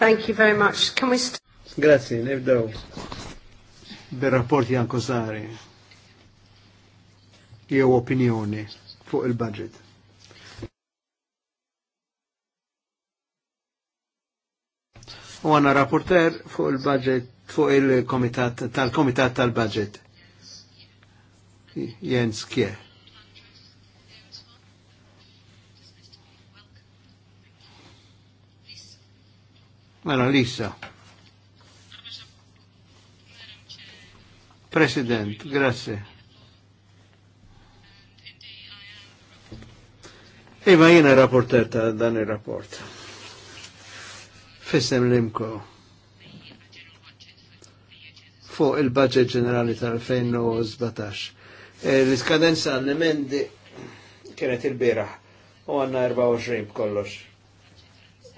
Thank you very much. Can we st- Grazie, nibdaw. bir rapport Janko Sari. Jew opinjoni fuq il-budget. U għana rapporter fuq il-budget, fuq il-komitat, tal-komitat tal-budget. Jens Kje. Mela Lisa. President, grazie. Iva jena rapporter ta' dan il-rapport. Fissem l-imko. Fuq il-budget ġenerali tal-2017. E, l-iskadenza l emendi kienet il-biraħ u għanna 24 kollox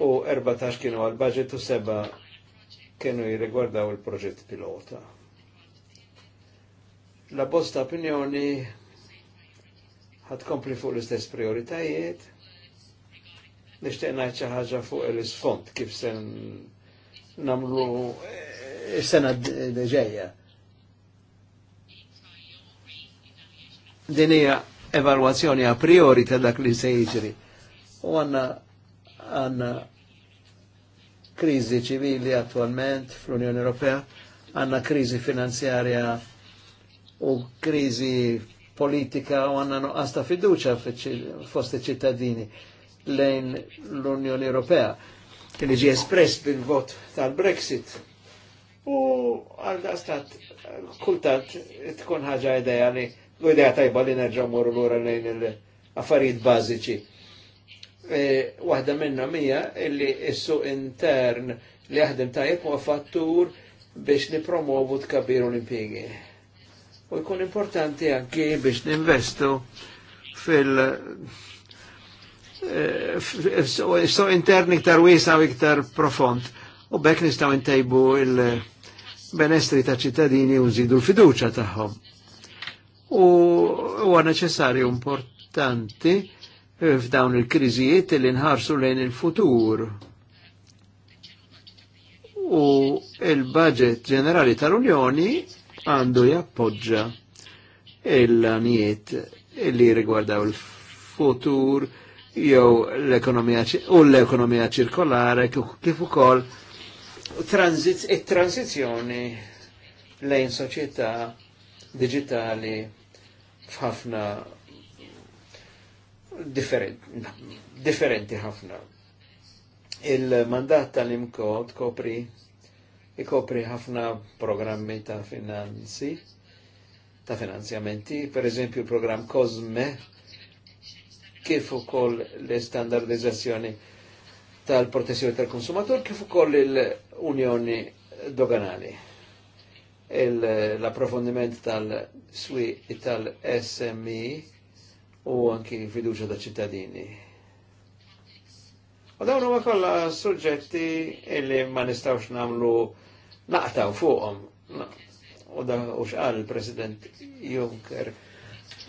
u 14 kienu għal-budget u seba kienu jirregwardaw il-proġett pilota. La bosta opinjoni ħatkompli fuq l-istess prioritajiet, nishtiqna ngħid xi ħaġa fuq l-isfond kif se namlu s eh, sena ġejja. Din hija evalwazzjoni a priori ta' dak li se jiġri. U għanna għanna kriżi ċivili attualment fl-Unjoni Ewropea, għanna kriżi finanzjarja u kriżi politika u għanna nuqqas ta' fiduċa fost ċittadini lejn l-Unjoni Ewropea li ġi espress bil-vot tal-Brexit. U għal stat kultant tkun ħaġa ideja li l-ideja tajba li nerġaw morru l-ura lejn l-affarijiet bażiċi E, waħda minna mija illi issu intern li jaħdem tajib huwa fattur biex nipromovu tkabbir l-impjegi. U jkun importanti anki biex ninvestu fil- e, so intern iktar wisa u iktar profond. U bekk nistaw intajbu il-benestri ta' ċittadini u nżidu l-fiduċa tagħhom. U huwa neċessarju importanti f'dawn il-kriżijiet li nħarsu lejn il-futur. U il-budget ġenerali tal-Unjoni għandu jappoġġa il għaniet li rigwardaw il-futur jew l-ekonomija u l-ekonomija ċirkolare kif ukoll it-tranzizjoni e lejn soċjetà digitali f'ħafna differenti, differenti ħafna. Il-mandat tal-imko tkopri ikopri ħafna programmi ta' finanzi, ta' finanzjamenti, per eżempju il-programm COSME, kif ukoll l-standardizzazzjoni tal-protezzjoni tal-konsumatur, kif ukoll l-Unjoni doganali. L-approfondiment tal tal-SME, u anki fiduċa ta' ċittadini. U dawnu ma kolla suġġetti illi ma nistawx namlu naqtaw fuqom. U da u xqal il-President Juncker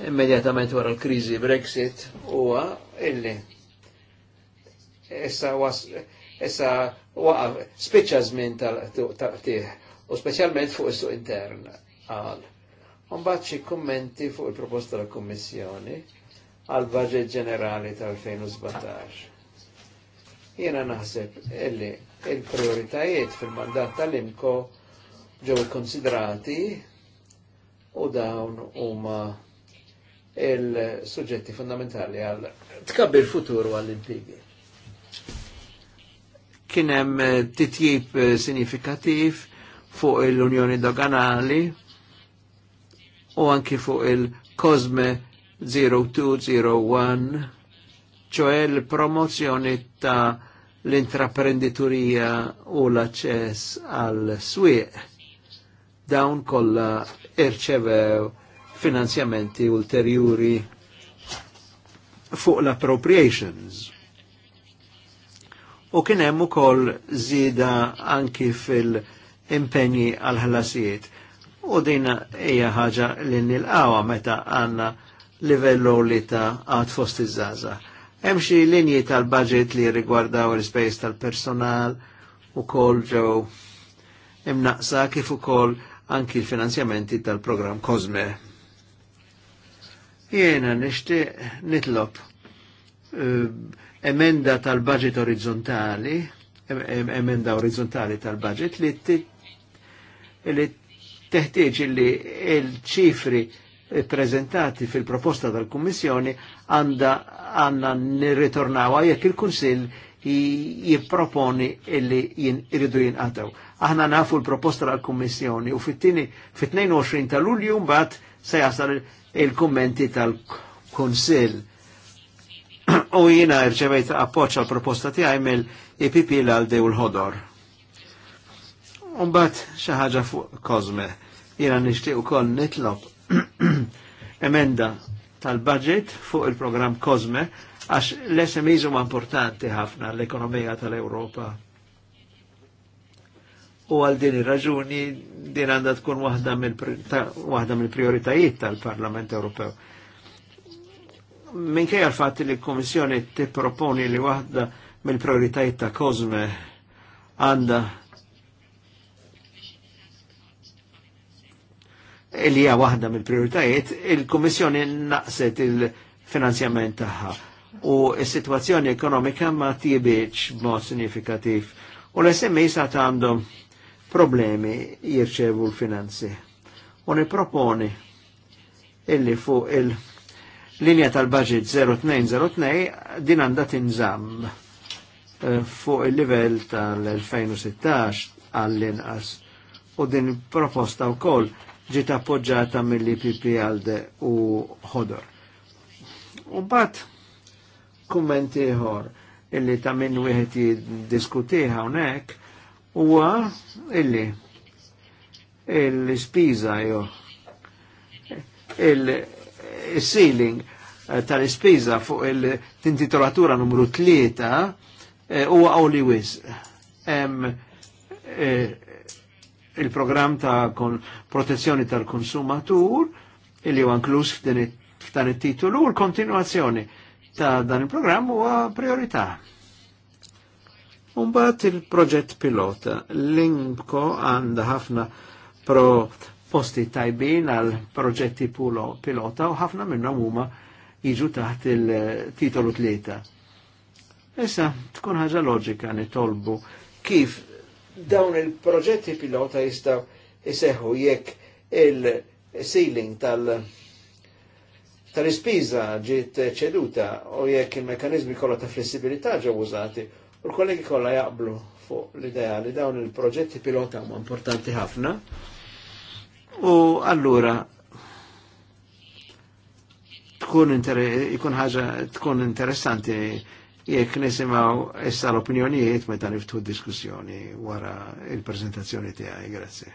immedjatament wara l krizi Brexit u illi issa was issa waqaf spiċċa żmien tal-tieħ u speċjalment fuq is-suq intern għal. Mbagħad xi kummenti fuq il-proposta tal-Kummissjoni għal budget ġenerali tal-2017. Jena naħseb illi il-prioritajiet fil-mandat tal-imko ġew konsidrati u dawn huma il-suġġetti fundamentali għal tkabbir futur għall impigi Kien hemm eh, titjib eh, sinifikattiv fuq il-Unjoni Doganali u anki fuq il-Kozme 0201 ċoħe l-promozzjoni ta' l-intraprenditurija u l acċess għal swieq dawn kollha irċevew finanzjamenti ulterjuri fuq l-appropriations. U kien hemm ukoll żieda anki fil-impenji għal ħlasijiet. U din hija ħaġa li nilqawha meta għandna livello li ta' għad fost iż-żaza. Hemm xi linji tal-budget li rigwardaw l-ispejs tal-personal u kol ġew imnaqsa kif ukoll anki l-finanzjamenti tal-programm Cosme. Jiena nixtieq nitlob eh, emenda tal-budget orizzontali, emenda orizzontali tal-budget li t teħtieġ li l-ċifri il prezentati fil-proposta tal-Kummissjoni għanda għanna nirritornawa jekk il-Kunsill jipproponi illi iridu jinqataw. Aħna nafu l-proposta tal-Kummissjoni u fit-22 ta' ulju mbagħad se jasal il-kummenti tal-Kunsill. u jina rċevejt appoċċa l proposta tiegħi mill ipp l alde u l-ħodor. Umbat xaħġa fuq kozme. Jina nishtiq u koll nitlob emenda tal-budget fuq il-programm COSME għax l-SMEs huma importanti ħafna l-ekonomija tal-Ewropa. U għal din ir-raġuni din għandha tkun waħda mill-prioritajiet tal-Parlament Ewropew. Minkejja l-fatt li l-Kommissjoni tipproponi li waħda mill-prioritajiet ta' COSME għandha li hija waħda mill-prioritajiet, il-Kummissjoni naqset il-finanzjament tagħha u s-sitwazzjoni ekonomika ma tiebiċ b'mod sinifikattiv u l-SMI e sa għandhom problemi jirċevu l-finanzi. U niproponi illi fuq il-linja tal-budget 0202 din għandha tinżamm eh, fuq il-livell tal-2016 għall-inqas u din proposta wkoll ġiet appoġġata mill-IPP għalde u ħodor. U bat kummenti ieħor illi ta' minn wieħed jiddiskutiha hawnhekk huwa illi l-ispiża jo il-ceiling eh, tal-ispiża fuq il-tintitolatura numru tlieta eh, huwa qawli wisq. Eh, il-programm ta' protezzjoni tal-konsumatur il-li huwa inkluż f'dan il titolu u l-kontinuazzjoni ta' dan il-programm huwa priorità. Umbat il-proġett pilota. L-Imko għanda ħafna pro posti tajbin għal proġetti pilota u ħafna minnhom huma jiġu taħt il-titolu tlieta. Issa, tkun ħaġa loġika nitolbu kif Dawn il-proġetti pilota jistaw jiseħu jekk il sealing tal- tal-ispiża ġiet ċeduta u jekk il-mekanizmi kollha ta' flessibilità ġew użati u l-kollegi kollha jaqblu fuq l-idea li dawn il-proġetti pilota huma importanti ħafna. U allura tkun ikun ħaġa tkun interessanti jek nisimaw issa l-opinjonijiet meta niftu diskussjoni wara il-prezentazzjoni tiegħi. Grazzi.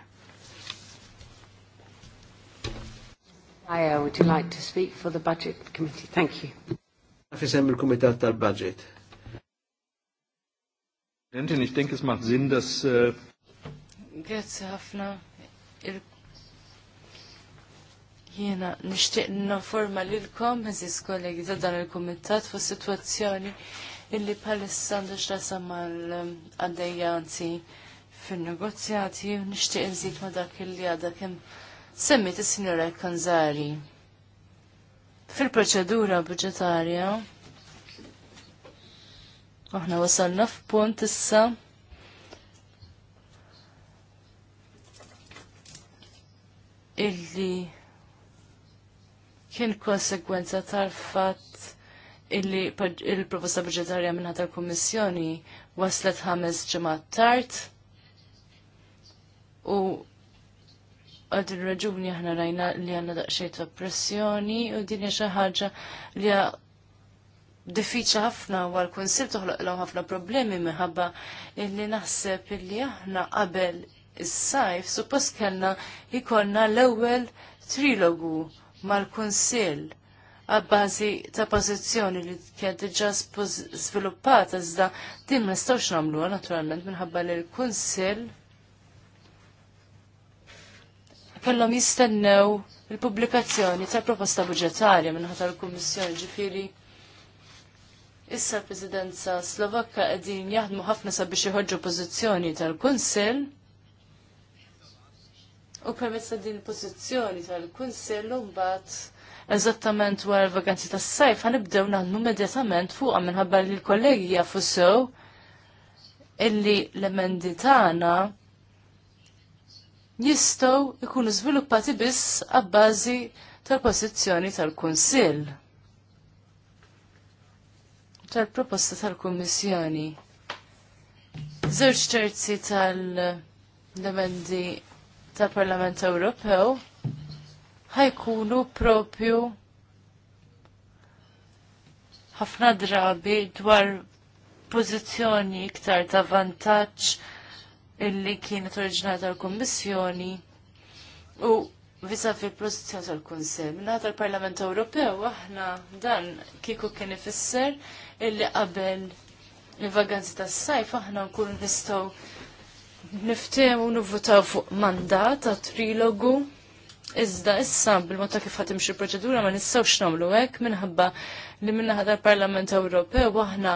Aya, would you like to speak for the Budget Committee? Thank you. Fisem il-Kumitat tal-Budget. Rentin, ich denke, es macht Sinn, dass... Äh, Grazie, Hafna. Jena, nishtiq n-forma l-kom, għaziz kollegi, ta' dan il-komitat fu situazzjoni illi palissanda xrasa mal-għaddejjanzi fil-negozjati, nishtiq nżid ma dak illi għadha kem semmit il-Sinjora Kanzari. Fil-proċedura budġetarja, aħna wasalna f'punt issa illi kien konsegwenza tal-fatt illi il-proposta budgetarja minna tal-Kommissjoni waslet ħames ġemat tard u għad il-raġuni ħna rajna li għanna daqxej ta' pressjoni u din xi ħaġa li diffiċa ħafna u għal-konsil toħloq l ħafna problemi minħabba illi naħseb illi aħna qabel is-sajf suppost kellna jkollna l-ewwel trilogu mal-Kunsill għabbażi ta' pożizzjoni li kienet diġà sviluppata iżda din ma nistgħux nagħmluha naturalment minħabba li l-Kunsill kellhom jistennew il-pubblikazzjoni ta' proposta budġetarja minħata l-Kummissjoni ġifiri. Issa l-Presidenza Slovakka qegħdin jaħdmu ħafna sabiex iħoġġu pożizzjoni tal-Kunsill U permezz din il-pożizzjoni tal-Kunsell mbagħad eżattament wara l-vakanzi tas-sajf ħanibdew naħdmu immedjatament fuqha minħabba li l-kollegi jafu sew illi l-emendi tagħna jistgħu jkunu żviluppati biss għabbażi tal-pożizzjoni tal-Kunsill tal-proposta tal-Kummissjoni. Żewġ ċerzi tal-emendi tal-Parlament Ewropew ħajkunu propju ħafna drabi dwar pożizzjoni iktar ta' vantaġġ illi kienet oriġinata tal-Kommissjoni u visa fil pożizzjoni tal-Kunsell. Minna tal-Parlament Ewropew aħna dan kieku kien ifisser illi qabel il-vaganzi tas-sajf aħna nkunu nistgħu niftehmu nivvotaw fuq mandat ta' trilogu. Iżda issa bil-mod ta' kif ħatimxi proċedura ma nistgħux nagħmlu hekk minħabba li ħadha tal-Parlament Ewropew aħna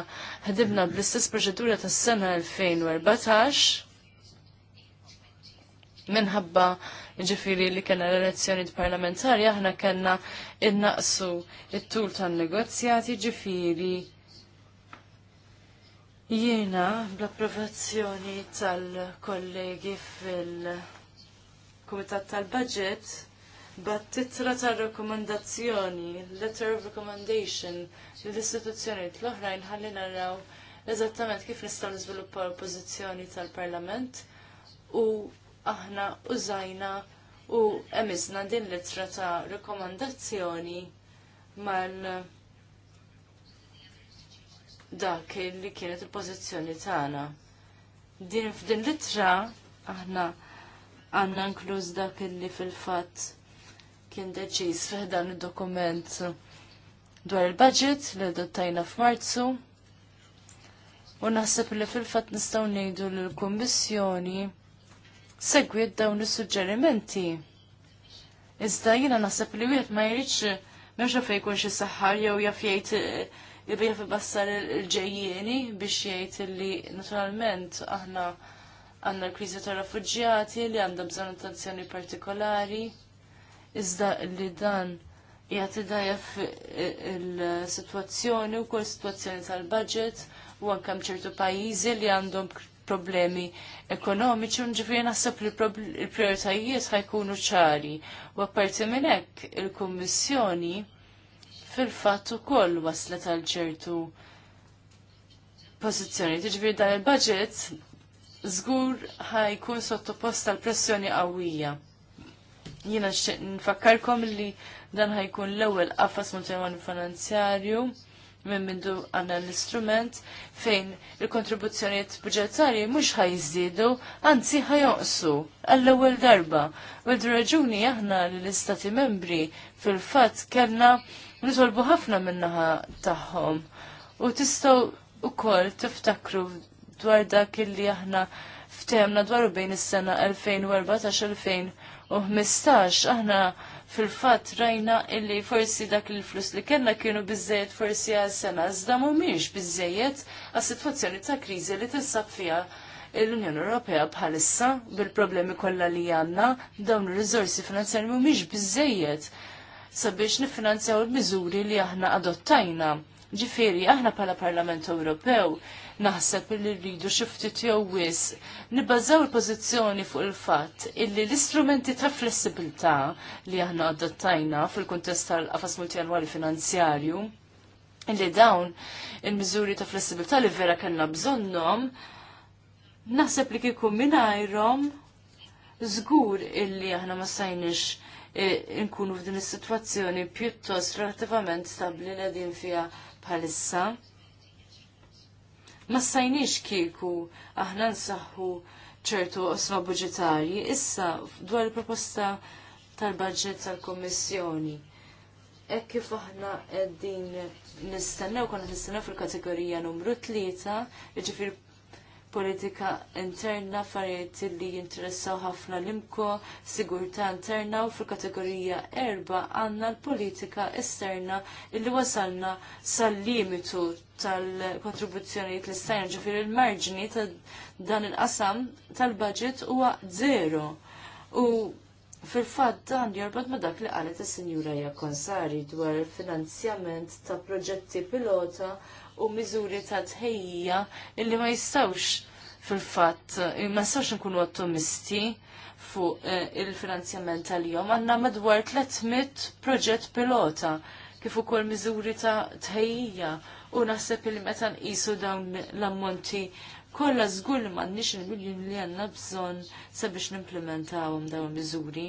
ħdibna bl-istess proċedura tas-sena 2014 minħabba ġifiri li kena l-elezzjoni parlamentari aħna kena innaqsu it-tul tan-negozjati ġifiri Jiena bl-approvazzjoni tal-kollegi fil-Kumitat tal-Budget bat-titra tal-rekomendazzjoni, letter of recommendation, l-istituzzjoni l-oħrajn ħalli naraw eżattament kif nistgħu nizviluppa l pożizzjoni tal-Parlament u aħna użajna u emizna din l-ittra ta' rekomendazzjoni mal- dak li kienet il-pożizzjoni tagħna. Din f'din litra aħna għandna nkluż dak li fil-fatt kien deċiż fih dan id-dokument dwar il-budget li adottajna f'Marzu. U naħseb li fil-fatt nistgħu ngħidu lill l-Kummissjoni segwiet dawn is-suġġerimenti. Iżda jiena naħseb li wieħed ma jridx Memxa fejn kun xie saħħar jew jaff jgħid eh, jibin fi bassar il-ġejjieni biex jgħid li naturalment aħna għanna l-kriżi ta' rafuġġjati li għanda bżonn attenzjoni partikolari, iżda li dan jgħati dajef il-situazzjoni u kol situazzjoni tal-budget u għankam ċertu pajizi li għandhom problemi ekonomiċi u ġifri naħseb li il-prioritajiet ħajkunu ċari. U għapparti minnek il-Kommissjoni fil-fatt ukoll waslet għal ċertu pożizzjoni. Tiġbir dan il-budget żgur ħajkun sottopost għal pressjoni qawwija. Jiena nfakkarkom li dan ħajkun l-ewwel qafas multinwani finanzjarju minn mindu għanna l-istrument fejn il-kontribuzzjoniet budġetarji mux ħajżidu, anzi ħajonqsu għall-ewwel darba. Għal raġuni aħna l-istati membri fil fat kellna nisolbu ħafna minnaħa tagħhom. U tistgħu ukoll tiftakru dwar dak illi aħna ftemna dwaru bejn is-sena 2014-2015 aħna fil-fatt rajna illi forsi dak il-flus li kellna kienu biżejjed forsi għal sena iżda mhumiex biżejjed għas-sitwazzjoni ta' kriżi li tinsab fiha l-Unjoni Ewropea bħalissa bil-problemi kollha li għandna dawn ir rizorsi finanzjarji mhumiex biżejjed sabiex nifinanzjaw il-miżuri li aħna adottajna. Ġifiri, aħna bħala Parlament Ewropew naħseb li rridu xi ftit jew wis nibbażaw il-pożizzjoni fuq il-fatt illi l-istrumenti ta' flessibilità li aħna adottajna fil-kuntest tal-qafas multianwali finanzjarju illi dawn il-miżuri ta' flessibilità li vera kellna bżonnhom, naħseb li kieku mingħajrhom żgur illi aħna ma stajniex E, nkunu f'din is-sitwazzjoni pjuttost relativament stabbli qegħdin fiha bħalissa. Ma sajniex kieku aħna nsaħħu ċertu osma budġetarji, issa dwar il-proposta tal-budget tal-Kommissjoni. Ek kif aħna qegħdin nistennew konna nistennew fil-kategorija numru tlieta, jiġifieri politika interna affarijiet li jinteressaw ħafna l-imko, sigurtà interna u fil-kategorija erba għandna l-politika esterna illi wasalna sal-limitu tal-kontribuzzjonijiet l-istajna ġifir il-marġni ta' dan il-qasam tal-budget huwa zero. U fil-fatt dan jorbot ma dak li qalet il sinjura Jakonsari dwar il-finanzjament ta' proġetti pilota u miżuri ta' tħejja illi ma jistawx fil-fatt, ma jistawx nkunu ottomisti fuq eh, il-finanzjament tal-jom, għanna madwar 300 proġett pilota kif ukoll miżuri ta' tħejja u naħseb il meta nqisu dawn l-ammonti Kolla żgur li m'għandniex il-miljun li għandna bżonn sabiex nimplementawhom dawn miżuri.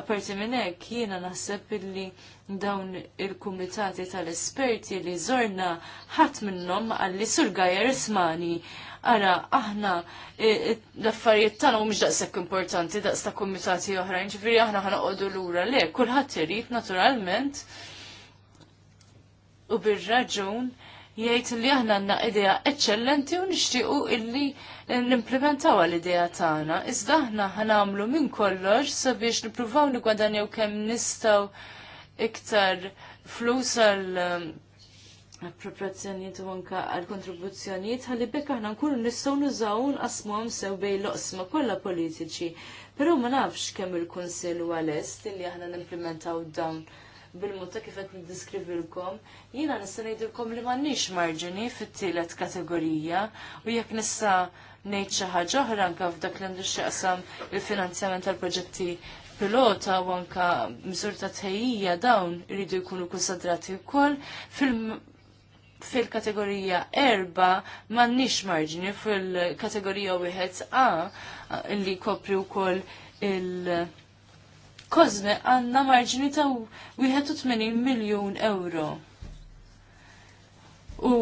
Apparti minn hekk jiena naħseb illi dawn il-kumitati tal-esperti li zorna ħadd minnhom għalli sur Gajer Ismani ara aħna e, e, l-affarijiet tagħna mhumiex daqshekk importanti daqs ta' kumitati oħrajn, ġifieri aħna ħanoqogħdu lura le, kulħadd irid naturalment u bir-raġun jgħid li aħna għandna idea eċċellenti u nixtiequ illi nimplementaw għal idea tagħna. Iżda aħna ħanamlu minn kollox sabiex nippruvaw nigwadanjaw kemm nistgħu iktar flus għal um, appropriazzjonijiet u anka għal kontribuzzjonijiet ħalli bekk aħna nkunu nistgħu nużaw nqasmuhom sew bejn loqsma kollha politiċi. Però ma nafx kemm il-Kunsill huwa lest illi aħna nimplementaw dawn bil-mod ta' kif qed niddeskrivilkom, jiena nista' ngħidilkom li m'għandniex marġini fit-tielet kategorija u jekk nista' ngħid xi ħaġa oħra anke f'dak li għandu x'jaqsam il-finanzjament tal-proġetti pilota u anka miżur ta' tħejjija dawn iridu jkunu konsadrati wkoll fil- fil-kategorija erba m'għandniex marġini fil-kategorija wieħed A li kopri wkoll il- Kozme għandna marġini ta' 81 miljun euro. U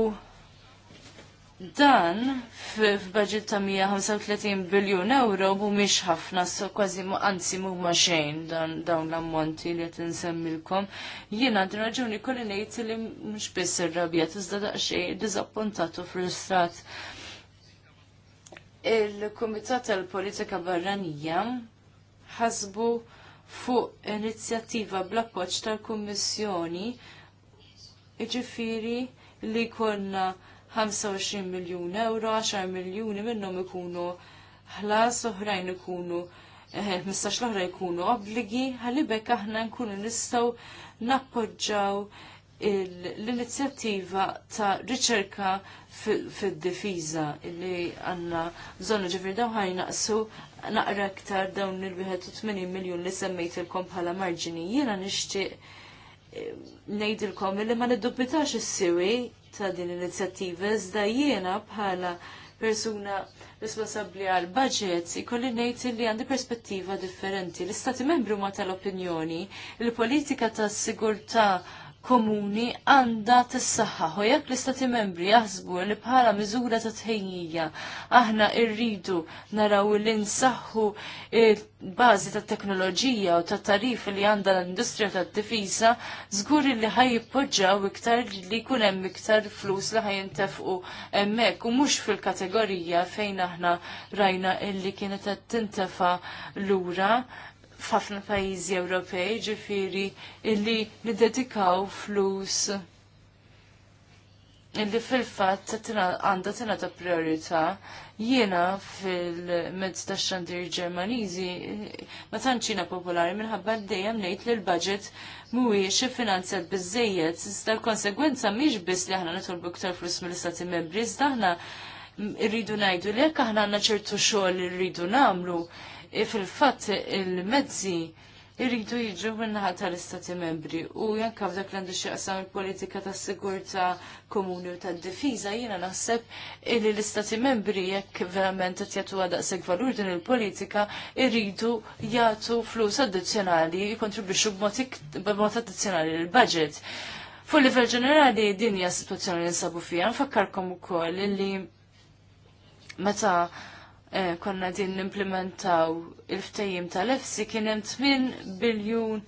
dan f'budget ta' 135 biljun euro mhumiex ħafna so kważi anzi mhuma xejn dan dawn l-ammonti li qed insemmilkom. Jiena din raġuni kolli ngħid li mhux biss irrabjat iżda daqsxejn diżappuntat u frustrat. Il-Kumitat tal-Politika Barranija ħasbu fuq inizjattiva bl-appoġġ tal-Kummissjoni iġifiri li konna 25 miljun euro, 10 miljuni minnhom ikunu ħlas oħrajn ikunu eh, mistax l-oħra jkunu obbligi ħalibek aħna nkunu nistgħu nappoġġaw l-inizjattiva ta' riċerka fil-difiża illi għanna zonu ġifir dawn naqsu naqra aktar dawn il-81 miljun li semmejtilkom bħala marġini. Jiena nixtieq eh, ngħidilkom illi ma niddubitax is-siwi ta' din l-inizjattiva iżda jiena bħala persuna responsabbli għal budget ikolli ngħid li għandi perspettiva differenti. L-Istati membri huma tal-opinjoni, il-politika tas-sigurtà ta komuni għanda tissaħħaħ u jekk l-istati membri jaħsbu li bħala miżura ta' tħejjija aħna rridu naraw li nsaħħu bażi ta' teknoloġija u ta' tarif li għandha l-industrija ta' difiża żgur li ħajjippoġġaw iktar li jkun hemm iktar flus li ħajjintefqu hemmhekk u mhux fil-kategorija fejn aħna rajna illi kienet qed tintefa' lura f'ħafna pajjiżi Ewropej, ġifiri illi niddedikaw flus illi fil-fatt għandha tingħata priorità. Jiena fil-mezz tax-xandir Ġermaniżi ma tantxina popolari minħabba dejjem ngħid li l-budget mhuwiex iffinanzjat biżejjed, iżda l-konsegwenza mhix biss li aħna nitolbu iktar flus mill-Istati Membri, iżda aħna rridu ngħidu li jekk aħna għandna ċertu xogħol li rridu nagħmlu, fil-fatt il-mezzi irridu jiġu minnaħat tal-istati membri u janka f'dak l-għandu xieqsam il-politika ta' sigurta komuni u ta' difiza jina naħseb illi l-istati membri jekk verament qed jagħtu għadaqseg valur din il-politika irridu jagħtu flus addizzjonali jikontribwixxu b'mod addizzjonali l-budget. Fu livell ġenerali din hija situazzjoni li nsabu fija, nfakkarkom ukoll illi meta Eh, konna din nimplementaw il-ftejjim tal-EFSI kien hemm 8 biljun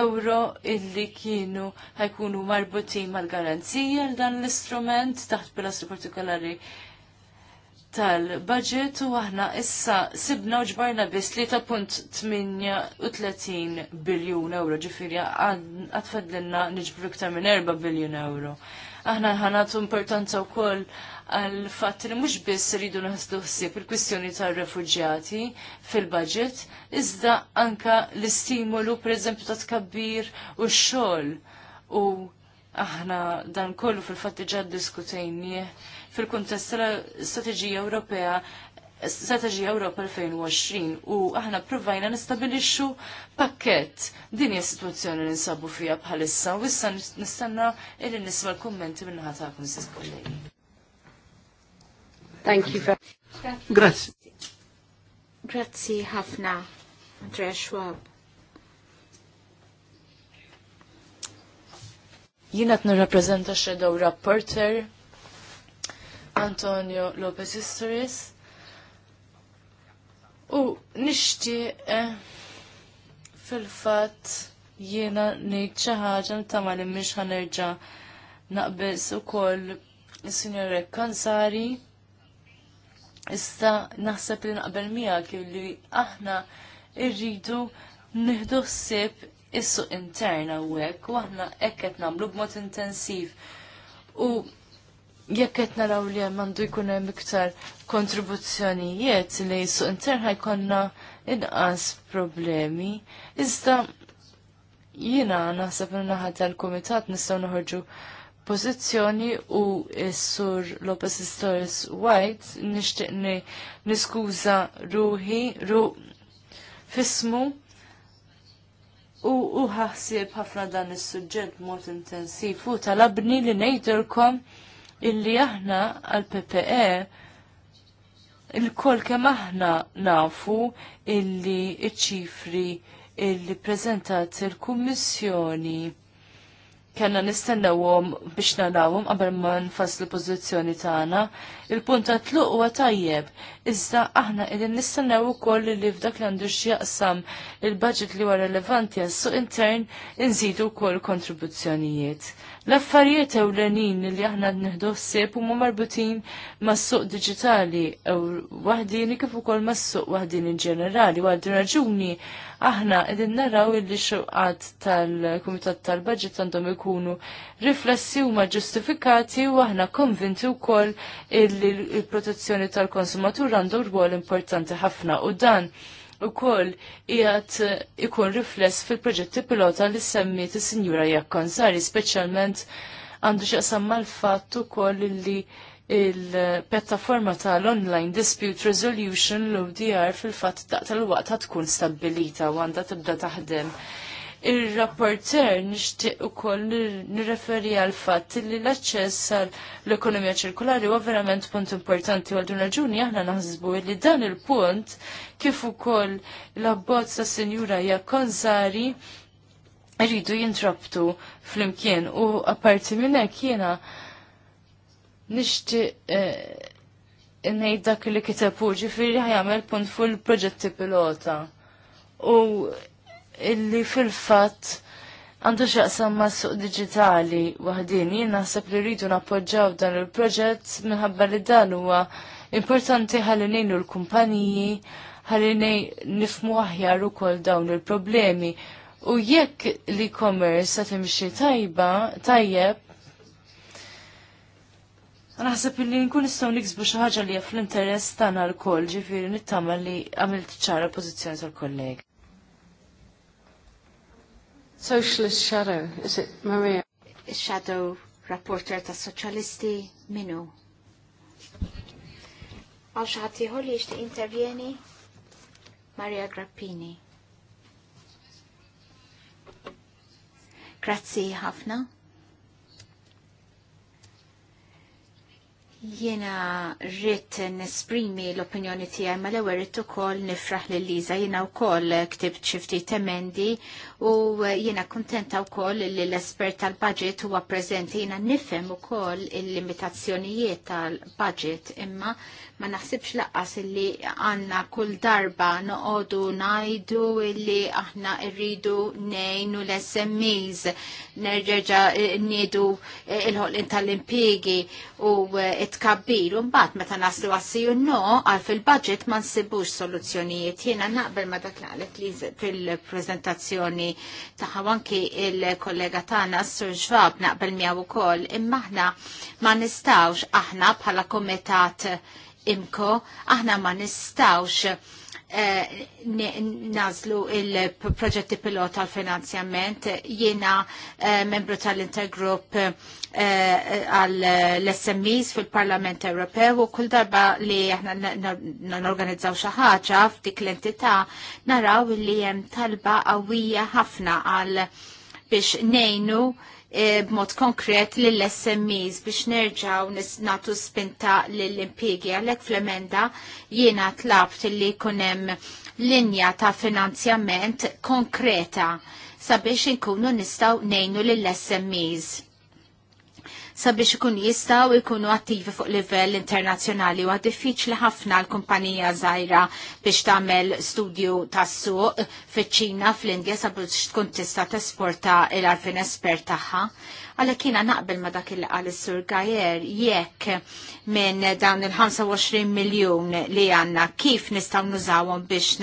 euro illi kienu ħajkunu marbutin mal-garanzija l dan l-istrument taħt pilastru partikolari tal-budget u aħna issa sibna uġbarna bis 3.38 biljun euro ġifiri għatfadlinna nġbru iktar minn 4 biljun euro aħna ħanatu importanza wkoll għal fatt li mhux biss rridu naħsdu ħsieb il-kwistjoni tar-refuġjati fil-budget, iżda anka l-istimolu pereżempju ta' tkabbir u x-xogħol u aħna dan kollu fil-fatt diġà diskutejnieh fil-kuntest tal-Strateġija Ewropea strategy Ewropa 2020 u aħna provajna nistabilixxu pakkett din hija situazzjoni li nsabu fiha bħalissa u issa nistanna li nisma' l-kummenti minn ħadd tagħkom Mrs. kollegi. Thank you very Grazzi. Grazzi ħafna, Andrea Schwab. Jina t nirrappreżenta Shadow Rapporter Antonio Lopez Historis U nixtieq eh, fil-fatt jiena ngħid xi ħaġa tama li mhix ħanerġa' naqbis ukoll is-Sinjor Kanzari. Issa naħseb li naqbel miegħek li aħna rridu nieħdu ħsieb is-suq u għek u aħna hekk qed nagħmlu b'mod intensiv. U jekk qed naraw li hemm għandu jkun hemm iktar kontribuzzjonijiet li suq intern ħajkonna inqas problemi. Iżda jina naħseb naħat tal-komitat nistgħu noħorġu pozizjoni u s-sur Lopez Stories White nishtiqni niskuza ruħi ru fismu u uħaxsib ħafna dan is-suġġett mod intensiv u talabni li ngħidilkom illi aħna għal PPE il koll kemm aħna nafu illi iċ-ċifri illi prezentat il-Kummissjoni kena nistennawhom biex narawhom qabel ma nfasslu pożizzjoni tagħna, il punta tluq huwa tajjeb. Iżda aħna qegħdin nistennew ukoll li f'dak li għandu x'jaqsam il-budget li huwa relevanti għas-suq intern inżidu wkoll kontribuzzjonijiet. L-affarijiet ewlenin li aħna neħdu ssib huma marbutin mas-suq diġitali ew waħdini kif ukoll mas-suq waħdin ġenerali għal din raġuni aħna qegħdin naraw illi xewqat tal-Kumitat tal-Baġġit għandhom ikunu riflessi huma ġustifikati u aħna konvinti wkoll illi l-protezzjoni tal-konsumatur għandhom rwol importanti ħafna u dan koll qiegħed ikun rifless fil-proġetti pilota li semmiet is-Sinjura Jakkonzari, speċjalment għandu x'aqsam mal-fatt ukoll li il pettaforma tal-Online Dispute Resolution l-ODR fil-fatt taqtal waqt tkun stabilita u għandha tibda taħdem Il-rapporter nixtieq ukoll nirreferi għal fat li l-aċċess għall ekonomija ċirkulari huwa verament punt importanti għal dun raġuni aħna naħsbu li dan il-punt kif ukoll l-abbozz ta' Sinjura Jakkonzari rridu jintrabtu flimkien u apparti minn hekk jiena nixtieq eh, ngħid dak li kiteb ġifieri ħajamel punt fuq il-proġetti pilota. U illi fil-fatt għandu xaqsam ma' suq digitali waħdin. Jien naħseb li rridu nappoġġaw dan il-proġett minħabba li dan huwa importanti ħalli nejnu l-kumpaniji ħalli nifmu aħjar ukoll dawn il-problemi. U jekk l-e-commerce għat imxi tajba, tajjeb, Naħseb li nkun nistgħu niksbu xi ħaġa li hija fl-interess tagħna l-koll, ġifieri nittama li għamilt ċara pożizzjoni tal kollegi Socialist Shadow, is it Maria? Shadow, rapporter ta' soċjalisti, minu? Għaw xaħat jħor li intervjeni? Maria Grappini. Grazzi ħafna. Jena rrit nesprimi l-opinjoni tijaj ma l-ewer rrit u kol nifraħ li Liza jena u kol ktib xifti temendi u eh, jiena kontenta wkoll li l-espert tal-budget huwa preżenti jiena nifhem ukoll il-limitazzjonijiet tal-budget imma ma naħsibx laqqas li għanna kull darba noqogħdu ngħidu li aħna rridu nejnu l-SMEs nerġeġa niedu eh, il-ħolqin tal-impjegi u eh, it-kabbir u mbagħad meta naslu għassiju no għal fil-budget ma nsibux soluzzjonijiet. Jiena naqbel ma dak li fil prezentazzjoni taħħa anki il-kollega tagħna Sur Xwab naqbel miegħu ukoll, imma aħna ma nistgħux aħna bħala kumitat imko aħna ma nistgħux Eh, nazlu il-proġetti pilot għal-finanzjament. Jena eh, membru tal-intergrupp eh, għal-SMEs fil-Parlament Ewropew u kull darba li aħna n-organizzaw xaħġa f'dik l-entità naraw li jem talba għawija ħafna għal biex nejnu E, b'mod konkret lill-SMEs biex nerġaw natu spinta lill-impiegi. Għalek fl-emenda jiena tlabt li kunem linja ta' finanzjament konkreta sabiex inkunu nistaw nejnu lill-SMEs sabiex ikun jistaw ikunu attivi fuq livell internazzjonali u diffiċli ħafna l-kumpanija żgħira biex tagħmel studju tas-suq fiċ-Ċina fl-Indja sabiex tkun tista' tesporta l-arfin esper tagħha. Għalhekk kiena naqbel ma dak il qal is-Sur Gajer jekk minn dawn il-25 miljun li għandna kif nistgħu nużawhom biex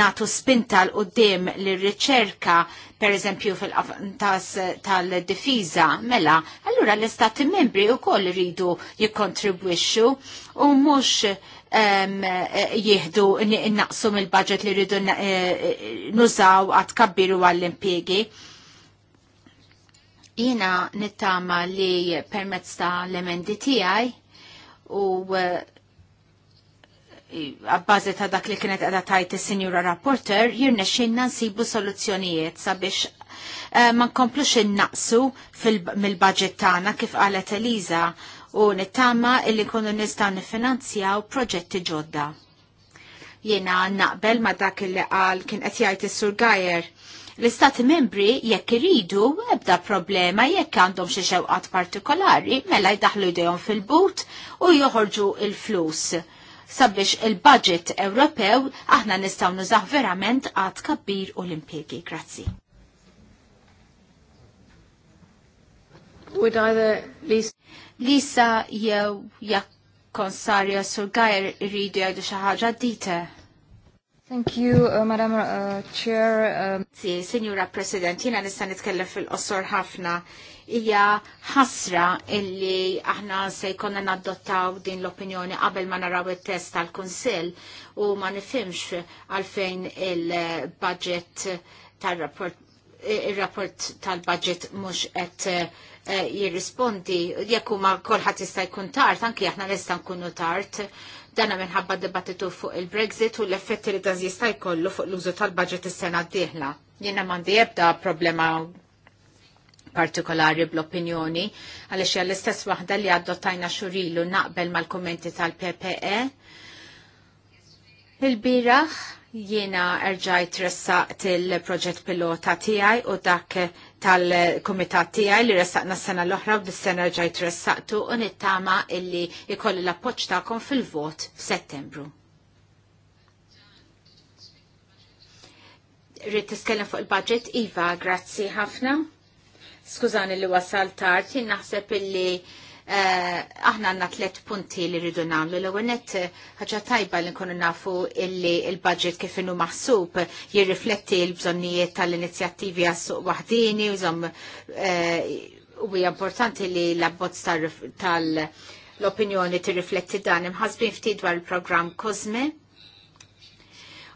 nagħtu spinta l qudiem lir-riċerka pereżempju fil-qafas tal-difiża mela, allura l-istati membri wkoll iridu jikkontribwixxu u mhux um, jihdu naqsum il-budget li rridu eh, eh, nużaw għat kabbiru għall-impiegi. Jina nittama li permezz ta' l-emendi tijaj u għabbazi eh, ta' dak li kienet għada tajt il-Sinjura Rapporter, jirne xinna nsibu soluzzjonijiet sabiex man eh, ma nkomplux innaqsu mill-budget tagħna kif qalet Eliza u nittama illi kunu nistaw u proġetti ġodda. Jena naqbel ma dak illi qal kien qed jgħid is-Sur Gajer L-istati membri jekk iridu ebda problema jekk għandhom xi xewqat partikolari mela jdaħlu jdejhom fil-but u joħorġu il-flus sabiex il-budget Ewropew aħna nistgħu nużaħ verament għad kabbir u l-impjegi. Grazzi. Lisa, Lisa jew jak konsarja sur gajer irridu jgħidu xi ħaġa dite. Thank you, uh, Madam uh, Chair. Um... Si, Signora President, jina nista nitkellem fil-qosor ħafna. Ija ħasra illi aħna se jkonna naddottaw din l-opinjoni qabel ma naraw il-test tal-Kunsill u ma nifimx għalfejn il-budget tal-rapport il-rapport tal-budget mux qed eh, jirrispondi jekk huma kolħat jista' jkun tard, anki aħna nista' nkunu tard Dana minħabba dibattitu fuq il-Brexit u l-effetti li dan jista' jkollu fuq l-użu tal-budget is-sena d-dieħla. Jiena m'għandi ebda problema partikolari bl-opinjoni, għaliex l-istess waħda li għaddottajna xurilu naqbel mal-kommenti tal-PPE. Il-biraħ jiena erġajt ressaqt il-proġett pilota tiegħi u dak tal-komitat tiegħi li ressaqna s-sena l-oħra u dis-sena ġajt ressaqtu u nittama illi ikolli l-appoġġ tagħkom fil-vot f'Settembru. Rrid tiskellem fuq il-budget Iva, grazzi ħafna. Skużani li wasal tard, naħseb illi Eh, aħna għanna tlet punti li rridu namlu. L-ewwel nett eh, ħaġa tajba li nkunu nafu illi il-budget kif inhu maħsub jirrifletti l-bżonnijiet tal-inizjattivi għas-suq waħdini u żomm eh, u importanti li l-abbozz tal- opinjoni tirrifletti dan imħasbin ftit dwar il-programm Cosme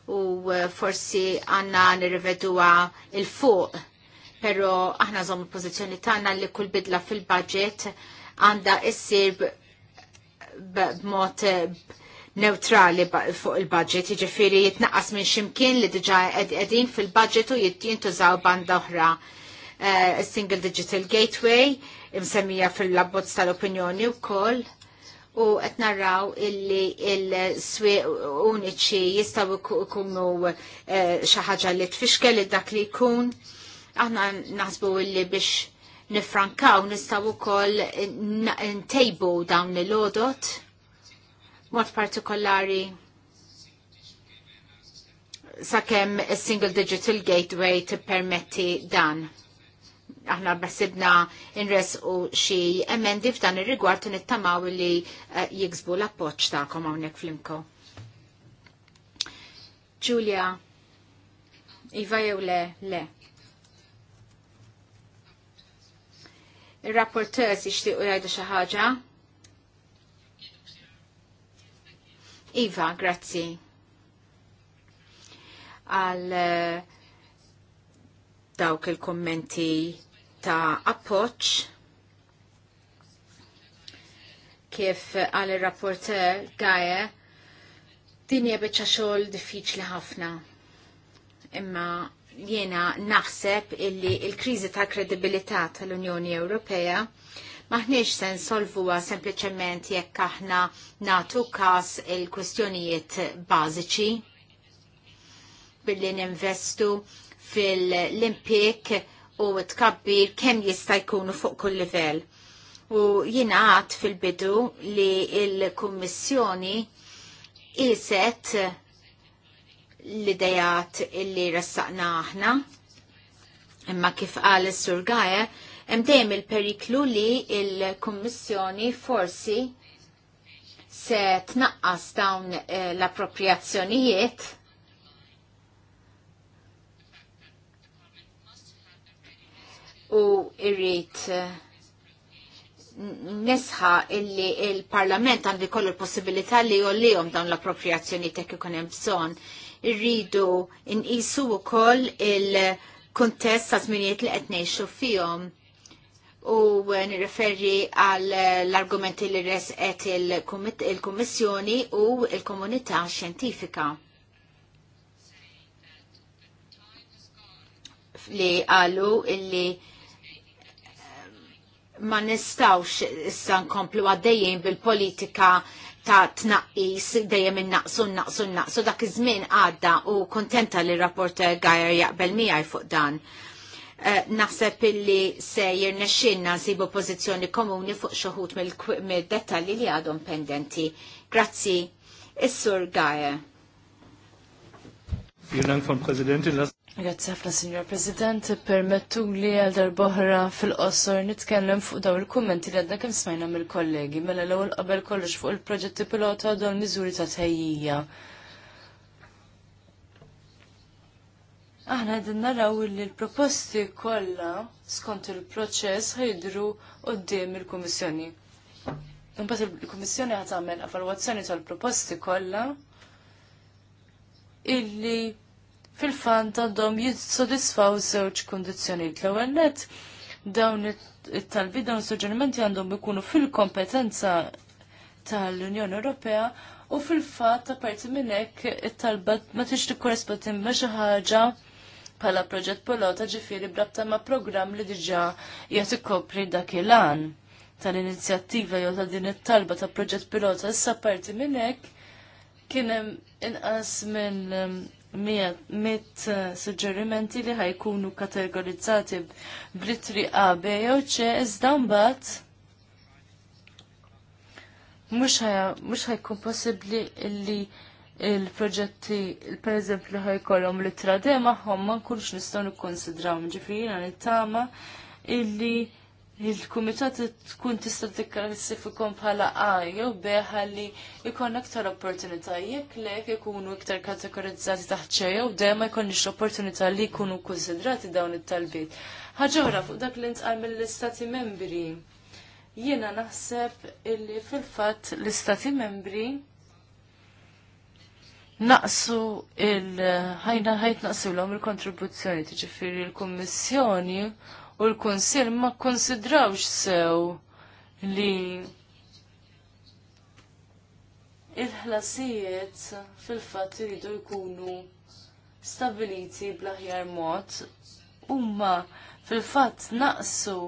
u forsi għanna nirrivedua il-fuq, pero aħna zom il-pozizjoni tagħna li kull bidla fil-budget għandha issir b'mod eh, neutrali fuq il-budget, jiġifieri jitnaqqas minn ximkien li diġà qegħdin fil-budget u jintużaw banda oħra. Eh, single Digital Gateway, imsemmija fil-labbozz tal-opinjoni wkoll u qed illi il-swi uniċi jistgħu jkunu eh, xi ħaġa li tfixkel dak li jkun. Aħna naħsbu illi biex nifrankaw nistaw ukoll ntejbu dawn il-lodot mod partikolari sakemm single digital gateway tippermetti dan. Aħna basibna inres u xi emendi f'dan ir-rigward u nittamaw li eh, jiksbu l-appoġġ tagħkom hawnhekk flimko. Julia, Iva jew le, le. Il-rapporteurs ixtiqu jgħidu xi ħaġa. Iva, grazzi. Għal eh, dawk il-kommenti ta' appoċ kif għal il-rapporter Gaje din hija biċċa xogħol diffiċli ħafna. Imma Jiena naħseb illi il-krizi ta' kredibilità tal-Unjoni Ewropea maħniex se nsolvuha sempliċement jekk aħna natu kas il-kwestjonijiet bażiċi billi ninvestu fil limpik u tkabbir kemm jista' jkunu fuq kull livell. U jiena għad fil-bidu li il-Kummissjoni iset l-idejat illi ressaqna aħna. Imma kif qal s sur Gaje, hemm dejjem il-periklu li il-Kummissjoni forsi se tnaqqas dawn eh, l-appropriazzjonijiet u irrit eh, nisħa illi il-parlament għandu kollu l-possibilità li jollihom dawn l-appropriazzjoni tek ikun hemm bżonn irridu nqisu wkoll il-kuntest ta' żminijiet li qed ngħixu fihom u eh, nirreferi għal l-argumenti li resqet il-Kummissjoni u il-Komunità Xjentifika. li qalu illi eh, ma nistawx issa nkomplu għaddejjin bil-politika ta' tnaqis dejjem innaqsu naqsu naqsu dak iż-żmien għadda u kontenta li rapport Gajer jaqbel miegħi fuq dan. Uh, naħseb illi se jirnexxinna nsibu pożizzjoni komuni fuq xoħut mill-dettalji li għadhom pendenti. Grazzi, is-Sur Gajer. Vielen Dank, Frau Präsidentin. Grazie ħafna, Signor President. Permettu li għal darboħra fil-qosor nitkellem fuq daw il-kummenti li għadna kem smajna mill-kollegi. Mela l-ewwel qabel kollox fuq il-proġetti pilota dawn mizuri ta' tejjija. Aħna għedin naraw li l-proposti kollha skont il-proċess ħajdru qoddim il-Kummissjoni. Imbagħad il-Kummissjoni ħadd għafal evalwazzjoni tal-proposti kollha illi fil-fant għandhom jissodisfaw żewġ kundizzjonijiet. L-ewwel net dawn it-talbi dawn suġġerimenti għandhom ikunu fil-kompetenza tal-Unjoni Ewropea u fil-fatt apparti minn hekk it-talba ma tix tikkorrespondi ma' xi ħaġa bħala proġett pilota ġifieri brabta ma' programm li diġà qiegħed ikkopri dak il-għan tal-inizjattiva jew ta' din it-talba ta' proġett pilota issa parti minn hekk kien hemm inqas minn um, mit eh, suġġerimenti li ħajkunu kategorizzati b'ritri A, B jew C, iżda mbagħad mhux ħajkun possibbli li il-proġetti per eżempju ħajkollhom litra D magħhom ma nkunx nistgħu nikkonsidrawhom ġifieri nittama illi il-kumitat tkun tista' tikklassifikhom bħala A jew B ħalli jkun aktar opportunità jekk lek ikunu iktar kategorizzati taħt jew dejjem ma jkollniex opportunità li jkunu kkunsidrati dawn it-talbiet. Ħaġa oħra fuq dak li ntqal mill-istati membri. Jiena naħseb illi fil-fatt l-istati membri naqsu il-ħajna ħajt naqsu l-om il-kontribuzzjoni, tiġifiri il-kommissjoni u l-Kunsill ma konsidrawx sew li il-ħlasijiet fil-fatt iridu jkunu stabiliti bl-aħjar mod huma fil-fatt naqsu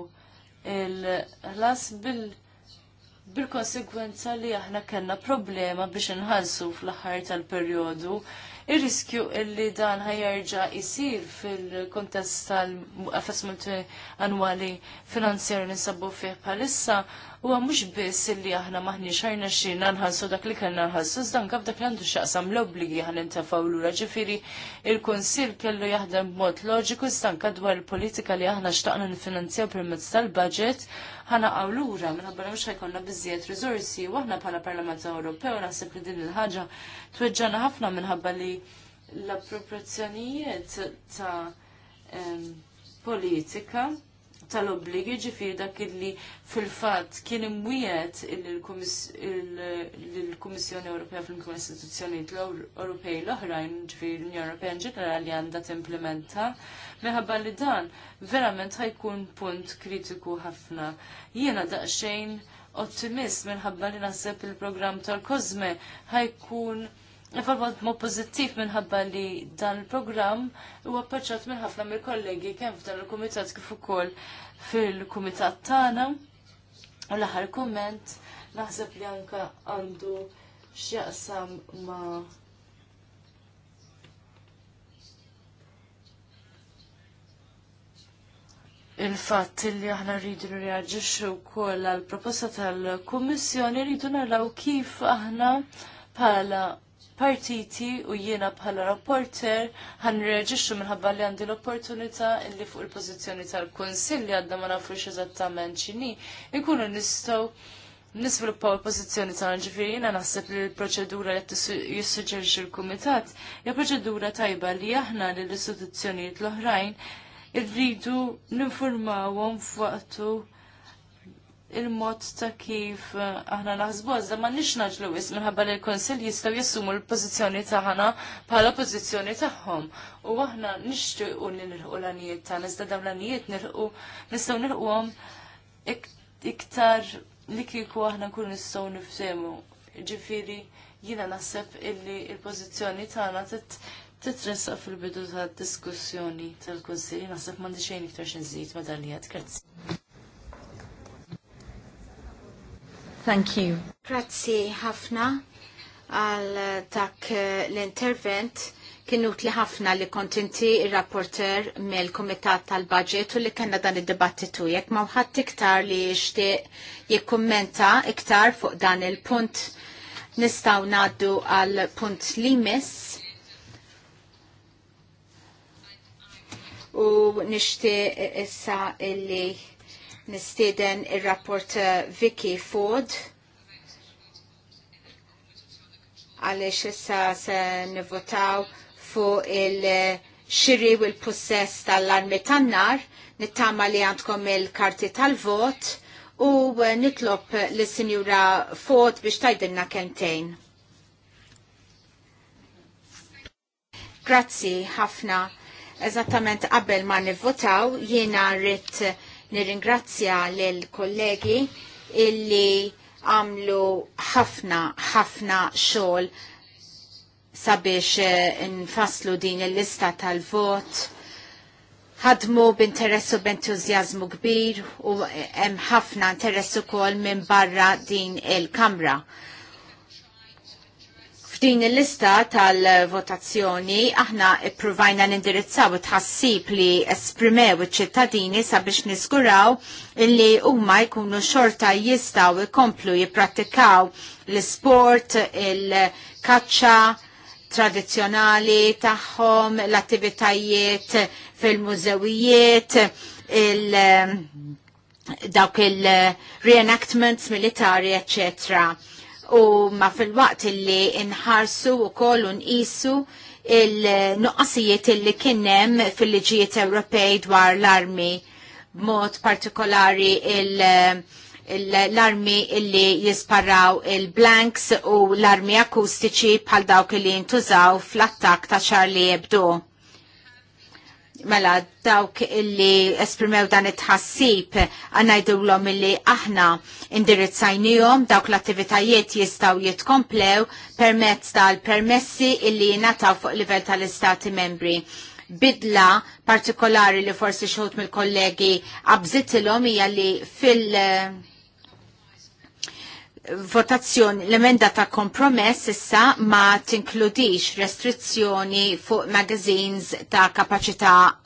il-ħlas bil- bil-konsekwenza li aħna kellna problema biex nħalsu fl-aħħar tal-perjodu ir-riskju illi dan ħajarġa isir fil-kontest tal-affessment annwali finanzjarju nisabu fih bħalissa huwa mhux biss illi aħna maħni xajna xie nħallsu dak li kellna nħassu, zdan anke f'dak għandu x'aqsam l-obbligi intafaw l lura ġifieri il-Kunsill kellu jaħdem b'mod loġiku zdan anke dwar il-politika li aħna xtaqna per permezz tal-budget l-ura, lura minħabba mhux ħajkonna bizziet rizorsi, u aħna bħala Parlament Ewropew naħseb li din il-ħaġa tweġġana ħafna minħabba li l-appropriazzjonijiet ta' politika tal-obbligi ġifiri dak li fil-fat kien imwiet il-Kummissjoni Ewropea fl-imkien l Ewropej l-oħrajn ġifiri l-Unjoni Ewropea ġenerali għandha timplementa meħabba li dan verament ħajkun punt kritiku ħafna. Jiena daqsxejn ottimist minħabba li naħseb il-programm tal-Kozme ħajkun Informat mod pozittif minħabba li dan il-programm huwa appoġġjat minn ħafna mill-kollegi kemm f'dan il-kumitat kif ukoll fil-kumitat tagħna. U l-aħħar kumment naħseb li anke għandu x'jaqsam ma' il-fatt li aħna rridu nirreġixxu wkoll għall proposta tal-Kummissjoni rridu naraw kif aħna bħala partiti u jiena bħala rapporter ħan reġiċu minħabba li għandi l-opportunità li fuq il-pozizjoni tal-Konsilli għadda ma nafux eżattament xini, ikunu nistaw nisviluppaw il-pozizjoni tal ġifieri jiena naħseb li l-proċedura li jissuġġerixxi l-kumitat hija proċedura tajba li aħna lill istituzzjonijiet l-oħrajn irridu ninformawhom f'waqtu il-mod ta' kif eh, aħna naħsbu għazda ma' nix naġlu wis minħabba li l-Konsil jistaw jessumu l-pozizjoni ħana bħala pozizjoni taħħom. U aħna nixtu li nilħu l-anijiet ta' nizda dawn l-anijiet nilħu nistaw nilħu għom iktar li kiku aħna kun nistaw nifsemu. Ġifiri jina naħseb illi il-pozizjoni taħna titressa fil-bidu ta' diskussjoni tal-Konsil, naħseb mandi xejn iktar xinżid ma' dan li għad. Thank you. Grazzi ħafna għal dak l-intervent kienu li ħafna li kontinti il-rapporter mill komitat tal-budget u li kena dan il-dibattitu jekk ma iktar li jixtieq jikkummenta iktar fuq dan il-punt nistaw naddu għal punt li miss u nishti issa illi nistieden il-rapport Vicky Ford għalix issa se nivotaw fuq il-xiri u l-possess tal-armi tan-nar nittama li għandkom il-karti tal-vot u nitlob l-Sinjura Ford biex tajdinna kentejn. Grazzi ħafna. Eżattament qabel ma nivvotaw jiena rrit Nirringrazzja l-kollegi illi għamlu ħafna, ħafna xogħol sabiex eh, nfasslu din il-lista tal-vot ħadmu b'interess u b'entużjażmu kbir u eh, hemm ħafna interess ukoll minn barra din il-Kamra F'din il-lista tal-votazzjoni aħna ipprovajna nindirizzaw tħassib li esprimew iċ-ċittadini sabiex niskuraw illi huma jkunu xorta jistgħu jkomplu jipprattikaw l-sport, il-kaċċa, tradizjonali tagħhom, l-attivitajiet fil-mużewijiet, il- dawk il-reenactments militari, eccetera u ma fil-waqt li inħarsu u koll nqisu il-nuqqasijiet li kienem fil-liġijiet Ewropej dwar l-armi b'mod partikolari l-armi illi jisparraw il-blanks u l-armi akustiċi bħal dawk li jintużaw fl-attak ta' Charlie Hebdo mela dawk illi esprimew dan it-ħassib għanajdu l-om illi aħna indirizzajnijom dawk l-attivitajiet jistaw jitkomplew permezz tal-permessi illi nataw fuq livell tal-istati membri. Bidla partikolari li forsi xħut mill-kollegi għabżittilom hija li fil- uh, votazzjoni l-emenda ta' kompromess issa ma tinkludix restrizzjoni fuq magazines ta' kapacità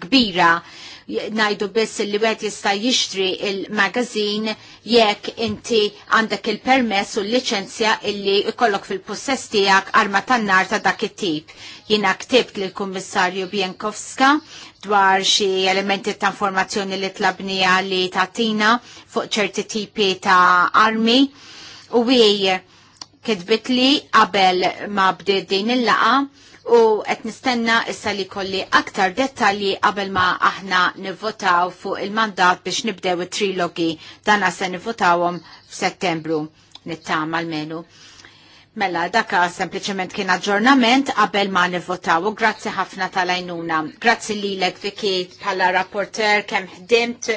kbira najdu biss li wieħed jista' jixtri il-magazin jekk inti għandek il-permess u l-liċenzja illi ikollok fil-possess tiegħek arma tannar ta' dak it-tip. Jiena ktibt lill kummissarju Bienkowska dwar xi elementi ta' informazzjoni li tlabnija li tatina fuq ċerti tipi ta' armi u wi kitbit li qabel ma bdiet din il-laqa u qed nistenna issa li kolli aktar dettalji qabel ma aħna nivvotaw fuq il-mandat biex nibdew it-trilogi dana se nivvotawhom f'Settembru nittama l-menu. Mela, daka sempliciment kien aġġornament qabel ma nivvotaw u grazzi ħafna tal-għajnuna. Grazzi li l Viki pala rapporter kem ħdimt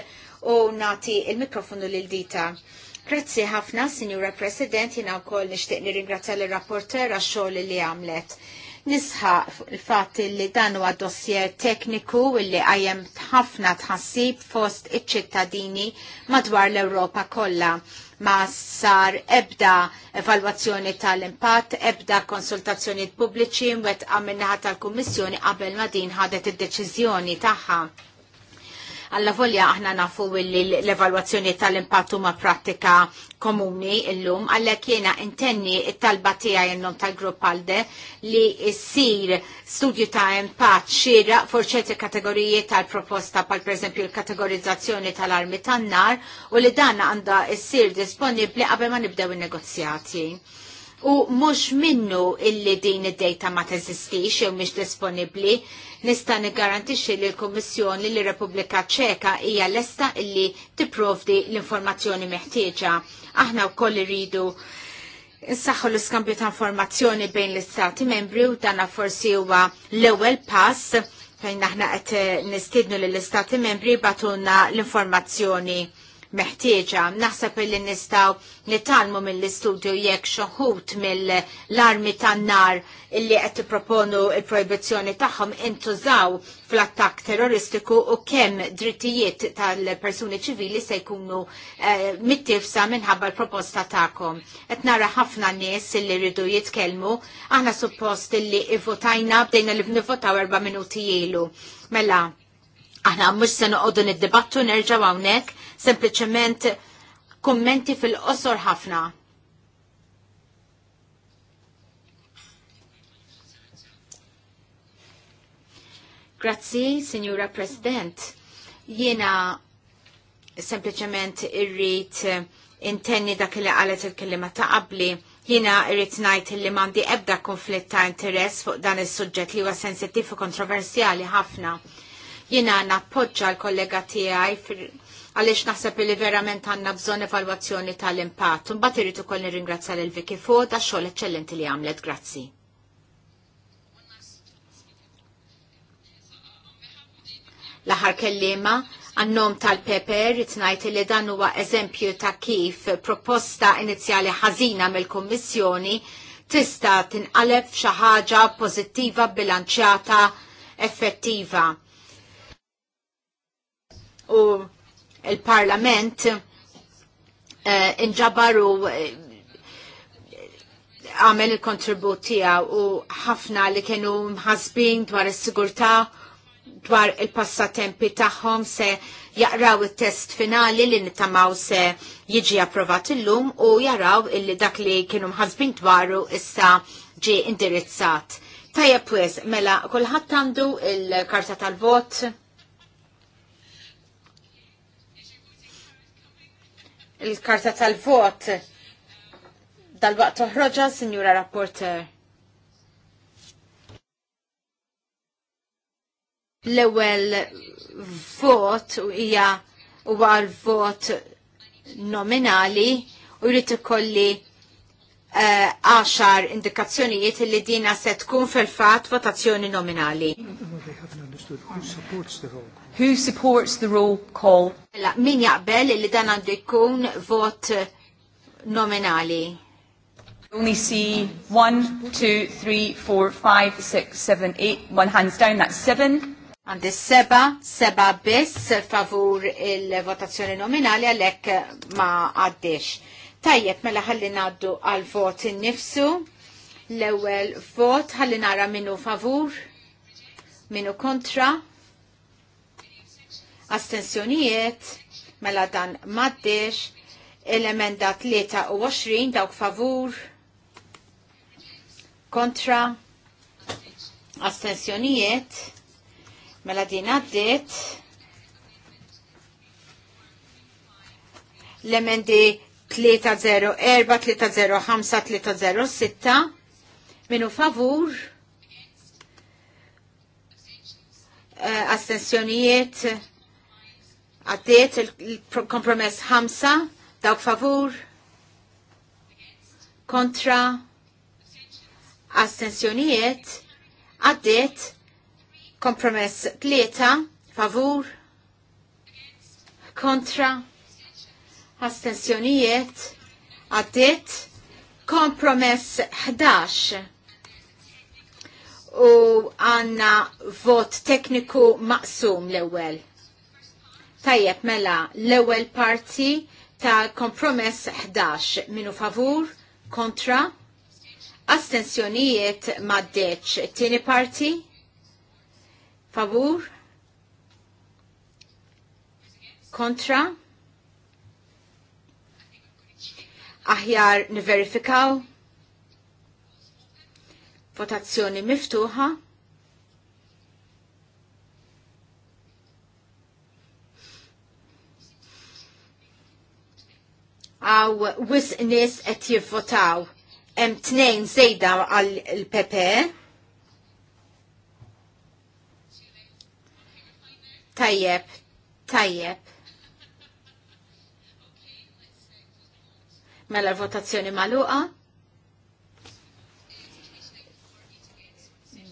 u nati il-mikrofonu lil dita Grazzi ħafna, Signora President, jina u koll nishtiq li ringrazzja l-rapporter għax xogħol li għamlet. Nisħaq il-fat li dan huwa dossier tekniku illi għajem ħafna tħassib fost iċ-ċittadini madwar l-Ewropa kollha ma sar ebda evalwazzjoni tal-impatt, ebda konsultazzjoni pubbliċi wet għamminnaħa tal-Kummissjoni qabel ma din ħadet id-deċiżjoni tagħha Alla volja aħna nafu li l-evalwazzjoni tal-impattu ma' pratika komuni illum, għalla kiena intenni il talba tija jennom tal-grupp għalde li jissir studju ta' impatt xira for ċerti kategoriji tal-proposta pal per l-kategorizzazzjoni tal-armi tan-nar u li dan għanda jissir disponibli qabel ma nibdew il-negozjati u mhux minnu illi din id-data ma teżistix jew mhix disponibbli, nista' niggarantixxi li l-Kummissjoni li Repubblika Ċeka hija lesta illi tipprovdi l-informazzjoni meħtieġa. Aħna wkoll iridu Nsaħħu l-iskambju ta' informazzjoni bejn l-istati membri u dana forsi huwa l-ewwel pass fejn aħna qed nistiednu lill istati membri batunna l-informazzjoni meħtieġa. Naħseb li nistaw nitalmu mill-istudju jekk xoħut mill-armi tan-nar illi qed proponu il-proibizzjoni tagħhom intużaw fl-attakk terroristiku u kemm drittijiet tal-persuni ċivili se jkunu eh, mittifsa minħabba l-proposta tagħkom. Qed nara ħafna nies illi rridu jitkellmu, aħna suppost illi ivvotajna bdejna li bnivotaw erba' minuti ilu. Mela, Aħna mhux se noqogħdu niddibattu nerġgħu hawnhekk, sempliċement kummenti fil-qosor ħafna. Grazzi, Signora President. Jiena sempliċement irrit intenni dak li qalet il kellima ta' qabli. Jiena irrit najt li m'għandi ebda konflitt ta' interess fuq dan is-suġġett li huwa sensittiv u kontroversjali ħafna. Jena nappoġġa l-kollega tiegħi għaliex naħseb li verament għandna bżonn evalwazzjoni tal-impatt. Mbagħad irid ukoll nirringrazzja lil Viki Foda għax-xogħol eċċellenti li għamlet. Grazzi. L-aħħar kellima għannom tal-Peper jitnajt li dan huwa eżempju ta' kif proposta inizjali ħażina mill-Kommissjoni tista' tinqaleb f'xi ħaġa pożittiva bilanċjata effettiva u il-Parlament uh, eh, inġabar u eh, għamel il-kontribut tijaw u ħafna li kienu mħasbin dwar is-sigurtà dwar il-passatempi tagħhom se jaqraw it-test finali li nittamaw se jiġi approvat illum u jaraw illi dak li kienu mħasbin dwaru issa ġi indirizzat. Tajjeb wis, mela kulħadd għandu il-karta tal-vot il-karta tal-vot dal-waqt toħroġa, Sinjura Rapporter. L-ewwel vot u hija huwa vot nominali u jrid ikolli eh, għaxar uh, indikazzjonijiet li dina se tkun fil-fatt votazzjoni nominali. Who supports the roll call? Mela, min jaqbel li dan għandu jkun vot eh, nominali. Only see one, two, three, four, five, six, seven, eight. One hands down, that's seven. Għandi seba, seba biss favur il-votazzjoni nominali għalek eh, ma għaddix. Tajjeb, mela ħalli naddu għal vot innifsu. L-ewel vot ħalli nara minnu favur, minnu kontra astensjonijiet mela dan maddiex elementa emenda 23 dawk favur kontra astensjonijiet mela din għaddit l-emendi 304, 305, 306 minu favur eh, astensjonijiet Għaddiet il-kompromess ħamsa dawk favur kontra astensjonijiet għaddiet kompromess tlieta, favur kontra astensjonijiet għaddiet kompromess 11 u għanna vot tekniku maqsum l-ewel. Tajjeb mela l-ewwel parti ta' kompromess 11 minu favur, kontra, astensjonijiet maddeċ. Tieni parti? Favur? Kontra? Aħjar niverifikaw? Votazzjoni miftuħa? għaw wis nis qed jivvotaw. Hemm tnejn żejda għall pp Tajjeb, tajjeb. Mela votazzjoni maluqa.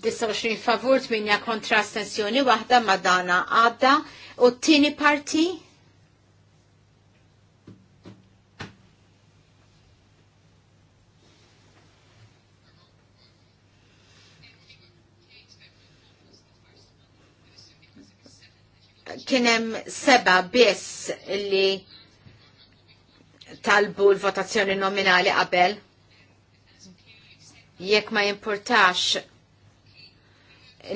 29 favur, 8 kontra astensjoni, waħda madana għadda u t-tini parti kienem seba biss li talbu l-votazzjoni nominali qabel. Jekk ma jimportax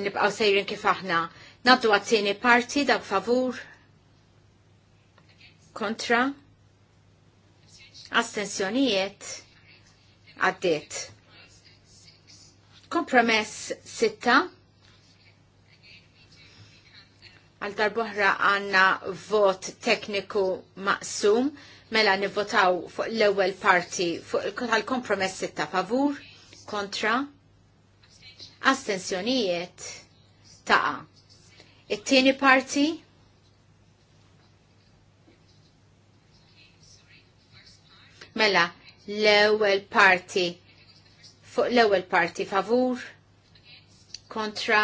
nibqaw sejrin kif aħna. Nabdu għazzini parti dak favur kontra astensjonijiet għaddit. Kompromess sitta Għal darbohra għanna vot tekniku maqsum, mela nivvotaw fuq l-ewel parti fuq l kompromessi ta' favur, kontra, astensjonijiet ta' it-tieni parti mela l-ewwel parti fuq l-ewwel parti favur kontra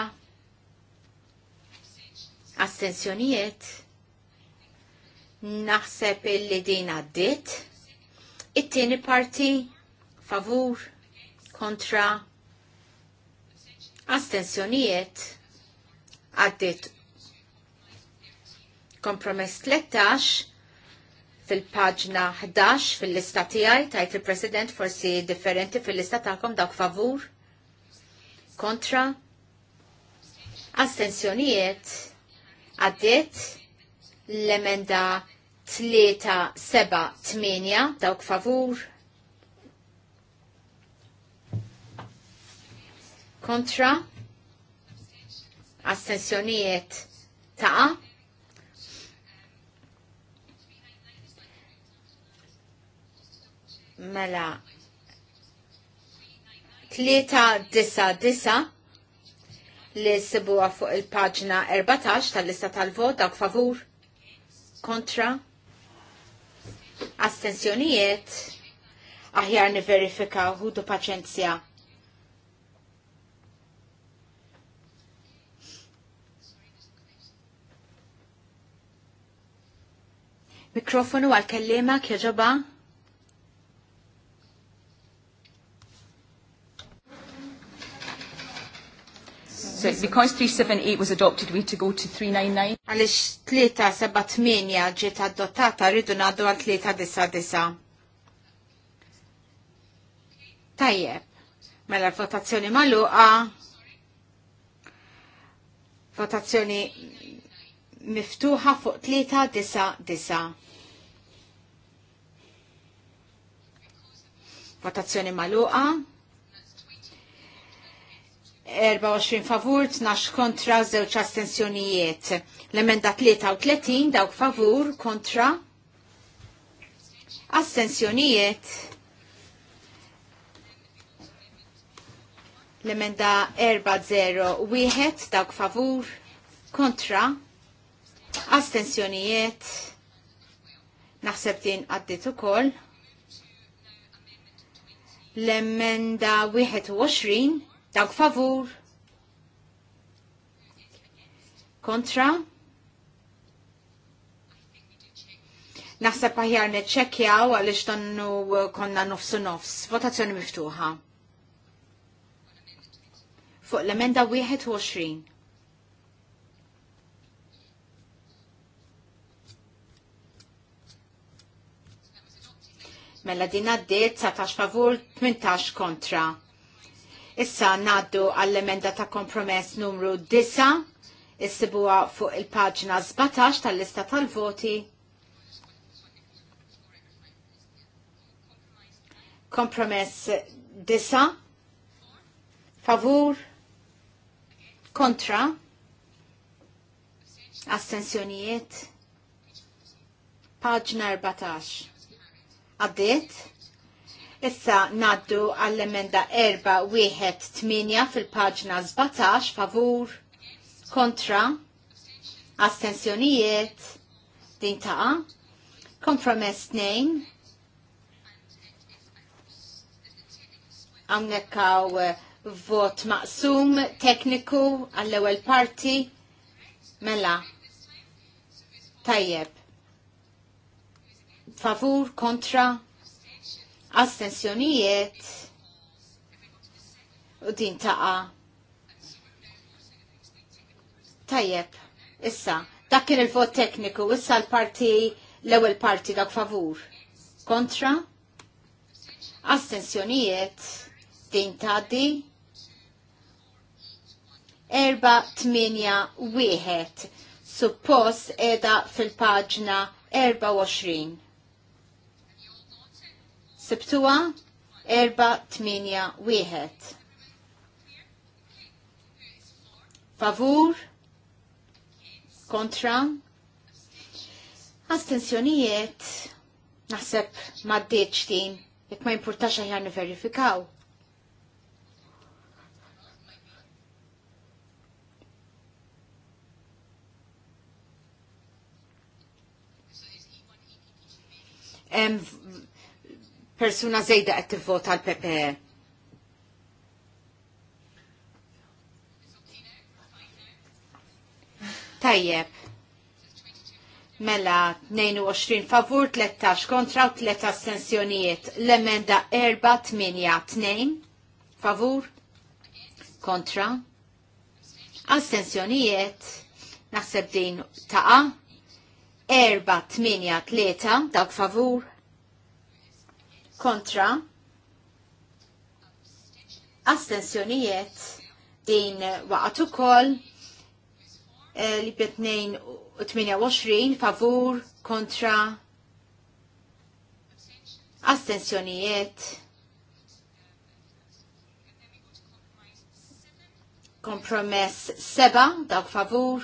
astensjonijiet, naħseb illi din għaddit, it-tieni parti favur kontra astensjonijiet għaddit kompromess 13 fil-paġna 11 fil-lista tiegħi tajt il-President forsi differenti fil-lista tagħkom dak favur kontra astensjonijiet għaddit l emenda 378 dawk favur kontra astensjonijiet ta' mela 3-9-9 li sibuha fuq il-paġna 14 tal-lista tal-vot dak favur kontra astensjonijiet aħjar niverifika ħudu paċenzja. Mikrofonu għal-kellima kjoġoba? So because 378 was adopted, we had to go to 399. Għalix 378 ġiet adottata, rridu naddu għal 399. Tajjeb, mela votazzjoni maluqa, votazzjoni miftuħa fuq 399. Votazzjoni maluqa. 24 favur, 12 kontra, 0 astensjonijiet. L-emenda 33 dawk favur, kontra, astensjonijiet. L-emenda 401, dawk favur, kontra, astensjonijiet. Naħseb din għaddit ukoll. L-emenda 21 Dawk favur. Kontra. Naħseb aħjar neċċekkjaw għaliex donnu eh, konna nofsu nofs. Votazzjoni miftuħa. Fuq l-emenda 21. Mela din għaddiet 19 favur, 18 kontra. Issa naddu għall-emenda ta' kompromess numru 9, issibuwa fuq il pagġna 17 tal-lista tal-voti. Kompromess 9, favur, kontra, astensjonijiet, pagġna 14. Għaddit? Issa naddu għall-emenda 4-1-8 fil-paġna 17 favur kontra astensjonijiet din taqa. Kompromess 2 għamnekaw eh, vot maqsum tekniku għall ewwel parti mela tajjeb favur kontra astensjonijiet u din taqa. Tajjeb, issa, dak kien il-vot tekniku, issa l-parti, l-ewel parti dak favur. Kontra? Astensjonijiet, din taddi? Erba tminja wieħed, suppost edha fil-paġna 24. Sibtuwa 4-8-1. Favur, kontra, astensjonijiet, Naseb maddeċ din, jek ma importax verifikaw. Em, persuna zejda qed tivvota l PPE. Tajjeb. Mela 22 favur, 13 kontra u 3 astensjonijiet. L-emenda favur, kontra, astensjonijiet, naħseb din taqa, 4 dak favur, kontra astensjonijiet din waqat ukoll eh, u bjetnejn 28 favur kontra astensjonijiet kompromess seba dak favur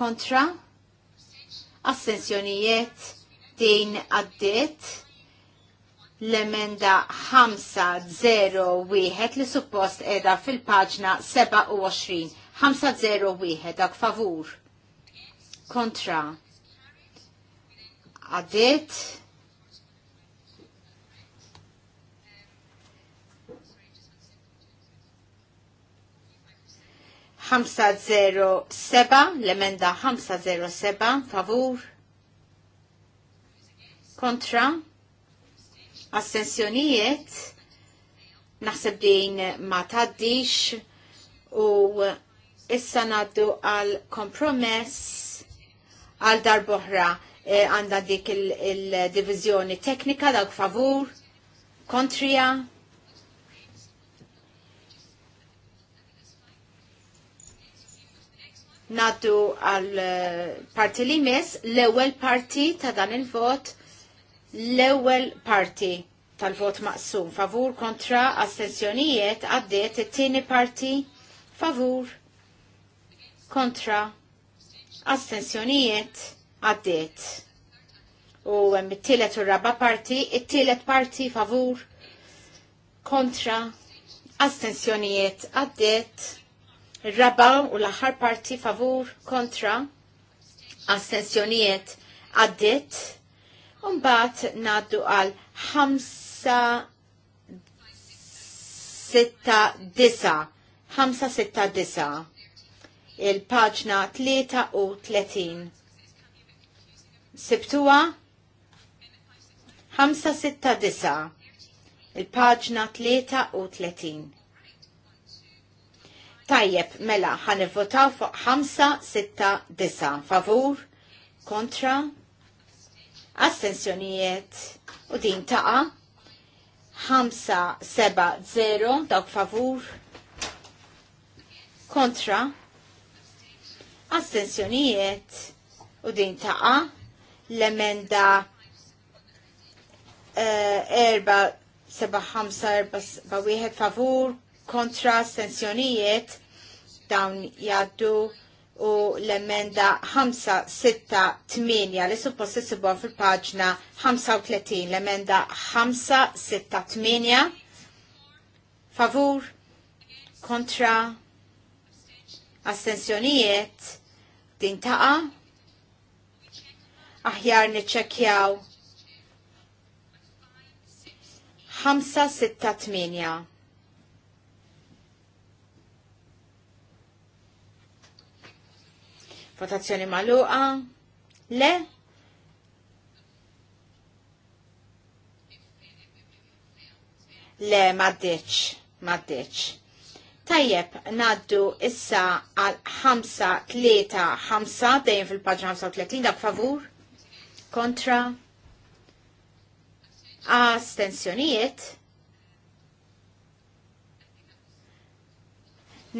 kontra astensjonijiet din għaddiet l-emenda 501 li suppost edha fil-paġna 27. 501 dak favur. Kontra. Għadet. Hamsa zero seba, l-emenda ħamsa zero seba, favur. Kontra. Assenzjonijiet naħseb din ma taddix u issa naddu għal kompromess għal darboħra e, għanda e, dik il-divizjoni il teknika dawk favur, kontrija. Naddu għal eh, parti li mis, l-ewel parti ta' dan il-vot L-ewwel parti tal-vot maqsum favur kontra astensjonijiet għaddiet it-tieni parti favur kontra astensjonijiet għaddiet. U hemm it-tielet u raba parti, it-tielet parti favur kontra astensjonijiet għaddiet. Raba u l-aħħar parti favur kontra astensjonijiet għaddiet. Umbat naddu għal 5-6-9 il-paġna 33. Sibtuwa 5-6-9 il-paġna 33. Tajjeb, mela, ħanivvotaw fuq 5-6-9. Favur? Kontra? Astenzjonijiet, u din taqa 5 dawk favur kontra astenzjonijiet, u din taqa l-emenda eh, erba seba wieħed favur kontra astenzjonijiet dawn jaddu u l-emenda 568 li suppost isibuha fil-paġna 35 l-emenda 568 favur kontra astensjonijiet din taqa aħjar niċċekjaw 568 Votazzjoni maluqa. Le. Le, maddeċ, maddeċ. Tajjeb, naddu issa għal 5-3-5, dejjem fil-pagġa 35, dak favur, kontra, astensjonijiet.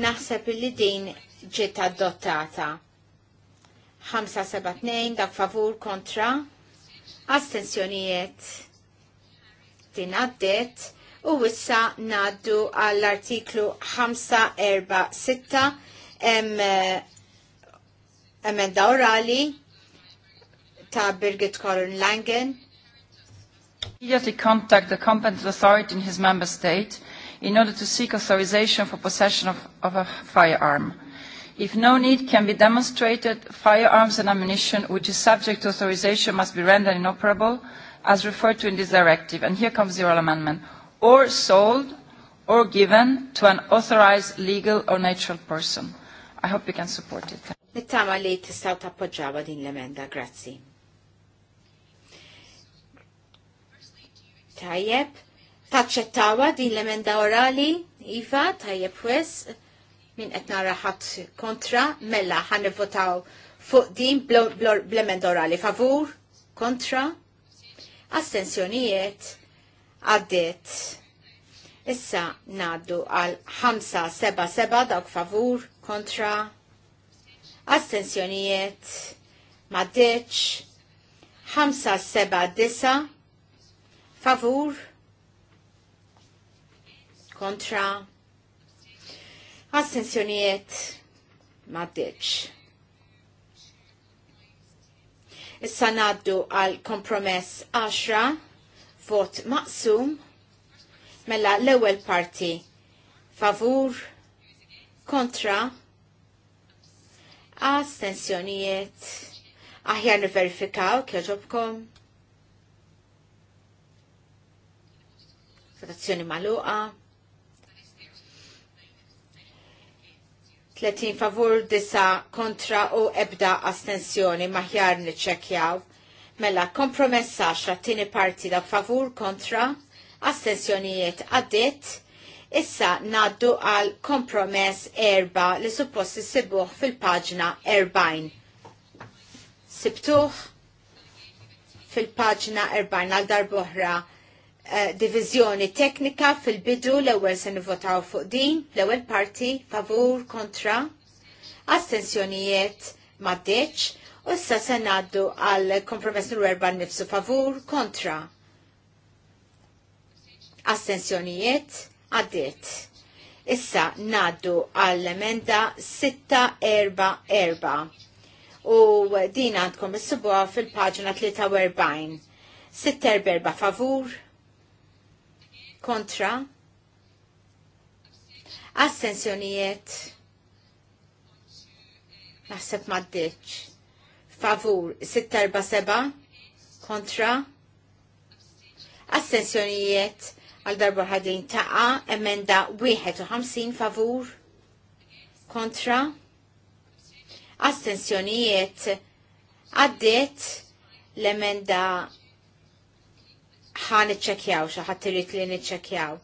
Naħseb li din ġiet adottata. 572 dak favur kontra astensjonijiet din għaddet u wissa naddu għall-artiklu 546 em, emenda orali ta' Birgit Korn Langen. Immediately contact the competent authority in his member state in order to seek authorization for possession of, of a firearm. If no need can be demonstrated, firearms and ammunition which is subject to authorization must be rendered inoperable as referred to in this directive. And here comes the oral amendment. Or sold or given to an authorized legal or natural person. I hope you can support it. Nittama li tistaw tappoġġawa din l-emenda, grazzi. Tajjeb, taċċettawa din l-emenda orali, Iva, tajjeb wes. Min qed raħat kontra mella ħan ħanivvotaw fuq din bl-emend favur, kontra, astensjonijiet, għaddiet. Issa naddu għal 577 dawk favur, kontra, astensjonijiet, maddeċ, 579 favur, kontra, Assenzjonijiet ma ditx. Issa naddu għal kompromess 10 vot maqsum mela l-ewwel parti favur kontra astensjonijiet aħjar niverifikaw kħeġobkom votazzjoni maluqa 30 favur, disa kontra u ebda astensjoni maħjar niċċekjaw. Mela kompromessa xrattini parti da favur kontra astensjonijiet għaddit. Issa naddu għal kompromess erba li supposti sibuħ fil-paġna erbajn. Sibtuħ fil pagġna erbajn għal darboħra Eh, divizjoni teknika fil-bidu l-ewwel se nivvotaw fuq din, l-ewwel parti favur kontra astensjonijiet maddeċ, u issa se ngħaddu għal kompromess nr erba nifsu favur kontra astensjonijiet għaddiet. Issa ngħaddu għall emenda 644 u din għandkom issibuha fil-paġna 43. 644 favur kontra assenzjonijiet naħseb maddeċ favur 647 kontra assenzjonijiet għal darba ħadin taqa emenda 51 favur kontra assenzjonijiet għaddiet l-emenda ħan iċċekjaw, xaħat irrit li niċċekjaw.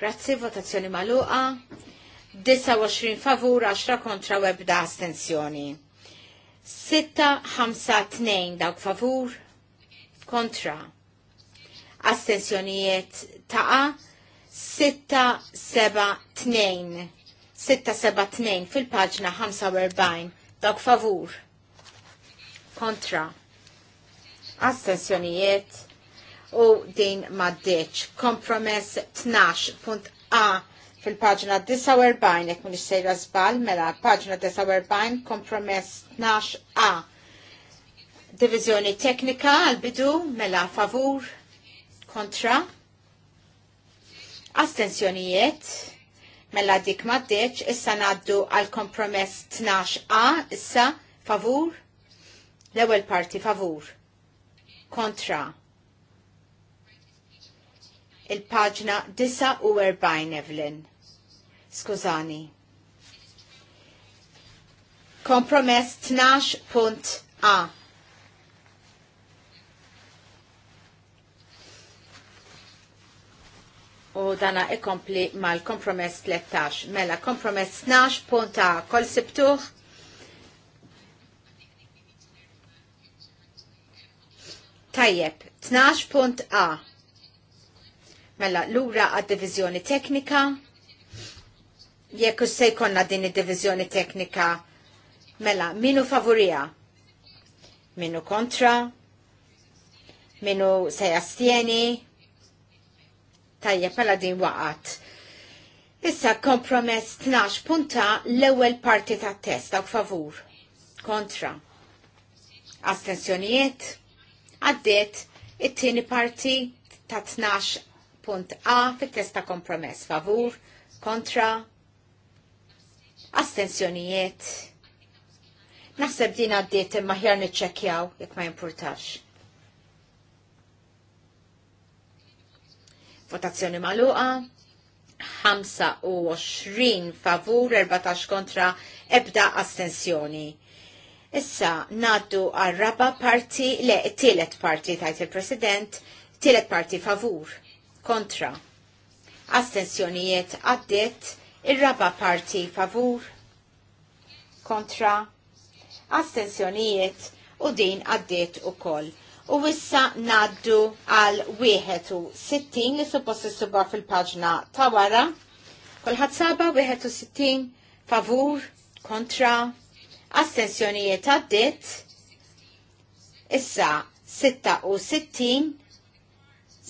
Grazzi, votazzjoni maluqa. 29 favur, 10 kontra u ebda astensjoni. 6-5-2 dawk favur, kontra. Astensjonijiet taqa, 6-7-2. 6-7-2 fil-pagġna 45 dawk favur kontra astensjonijiet u din maddeċ. Kompromess 12.a fil-pagġna 49, ek mun sejra zbal, mela pagġna 49, kompromess 12a. Divizjoni teknika għal-bidu, mela favur, kontra, astensjonijiet, mela dik maddeċ, issa naddu għal-kompromess 12a, issa favur, L-ewwel parti favur. Kontra. Il-paġna 49 Evelyn. Skużani. Kompromess 12.a. U dana ikompli mal-kompromess 13. Mela, kompromess 12.a. Kol sibtuħ? Tajjeb, 12.a. Mela, lura għad-divizjoni teknika. Jekk se jkollna din id-divizjoni teknika, mela, minu favorija? Minu kontra? Minu se jastieni? Tajjeb, mela din waqat. Issa kompromess 12 punta l-ewwel parti ta' test dawk favur. Kontra. Astensjonijiet? għaddiet it-tieni parti ta' 12.a fit-testa kompromess favur kontra astensjonijiet. Naħseb din għaddiet imma ħjar niċċekjaw jekk ma jimpurtax. Votazzjoni maluqa. 25 favur, 14 kontra ebda astensjoni. Issa naddu għal-raba parti, le, tielet parti tajt il-President, tielet parti favur, kontra. Astenzjonijiet għaddit, il-raba parti favur, kontra. Astenzjonijiet u din għaddit u koll. U issa naddu għal 61 li suppost suba fil-paġna ta' wara. Kolħat saba 61 favur kontra Astensjonijiet għaddit. Issa 66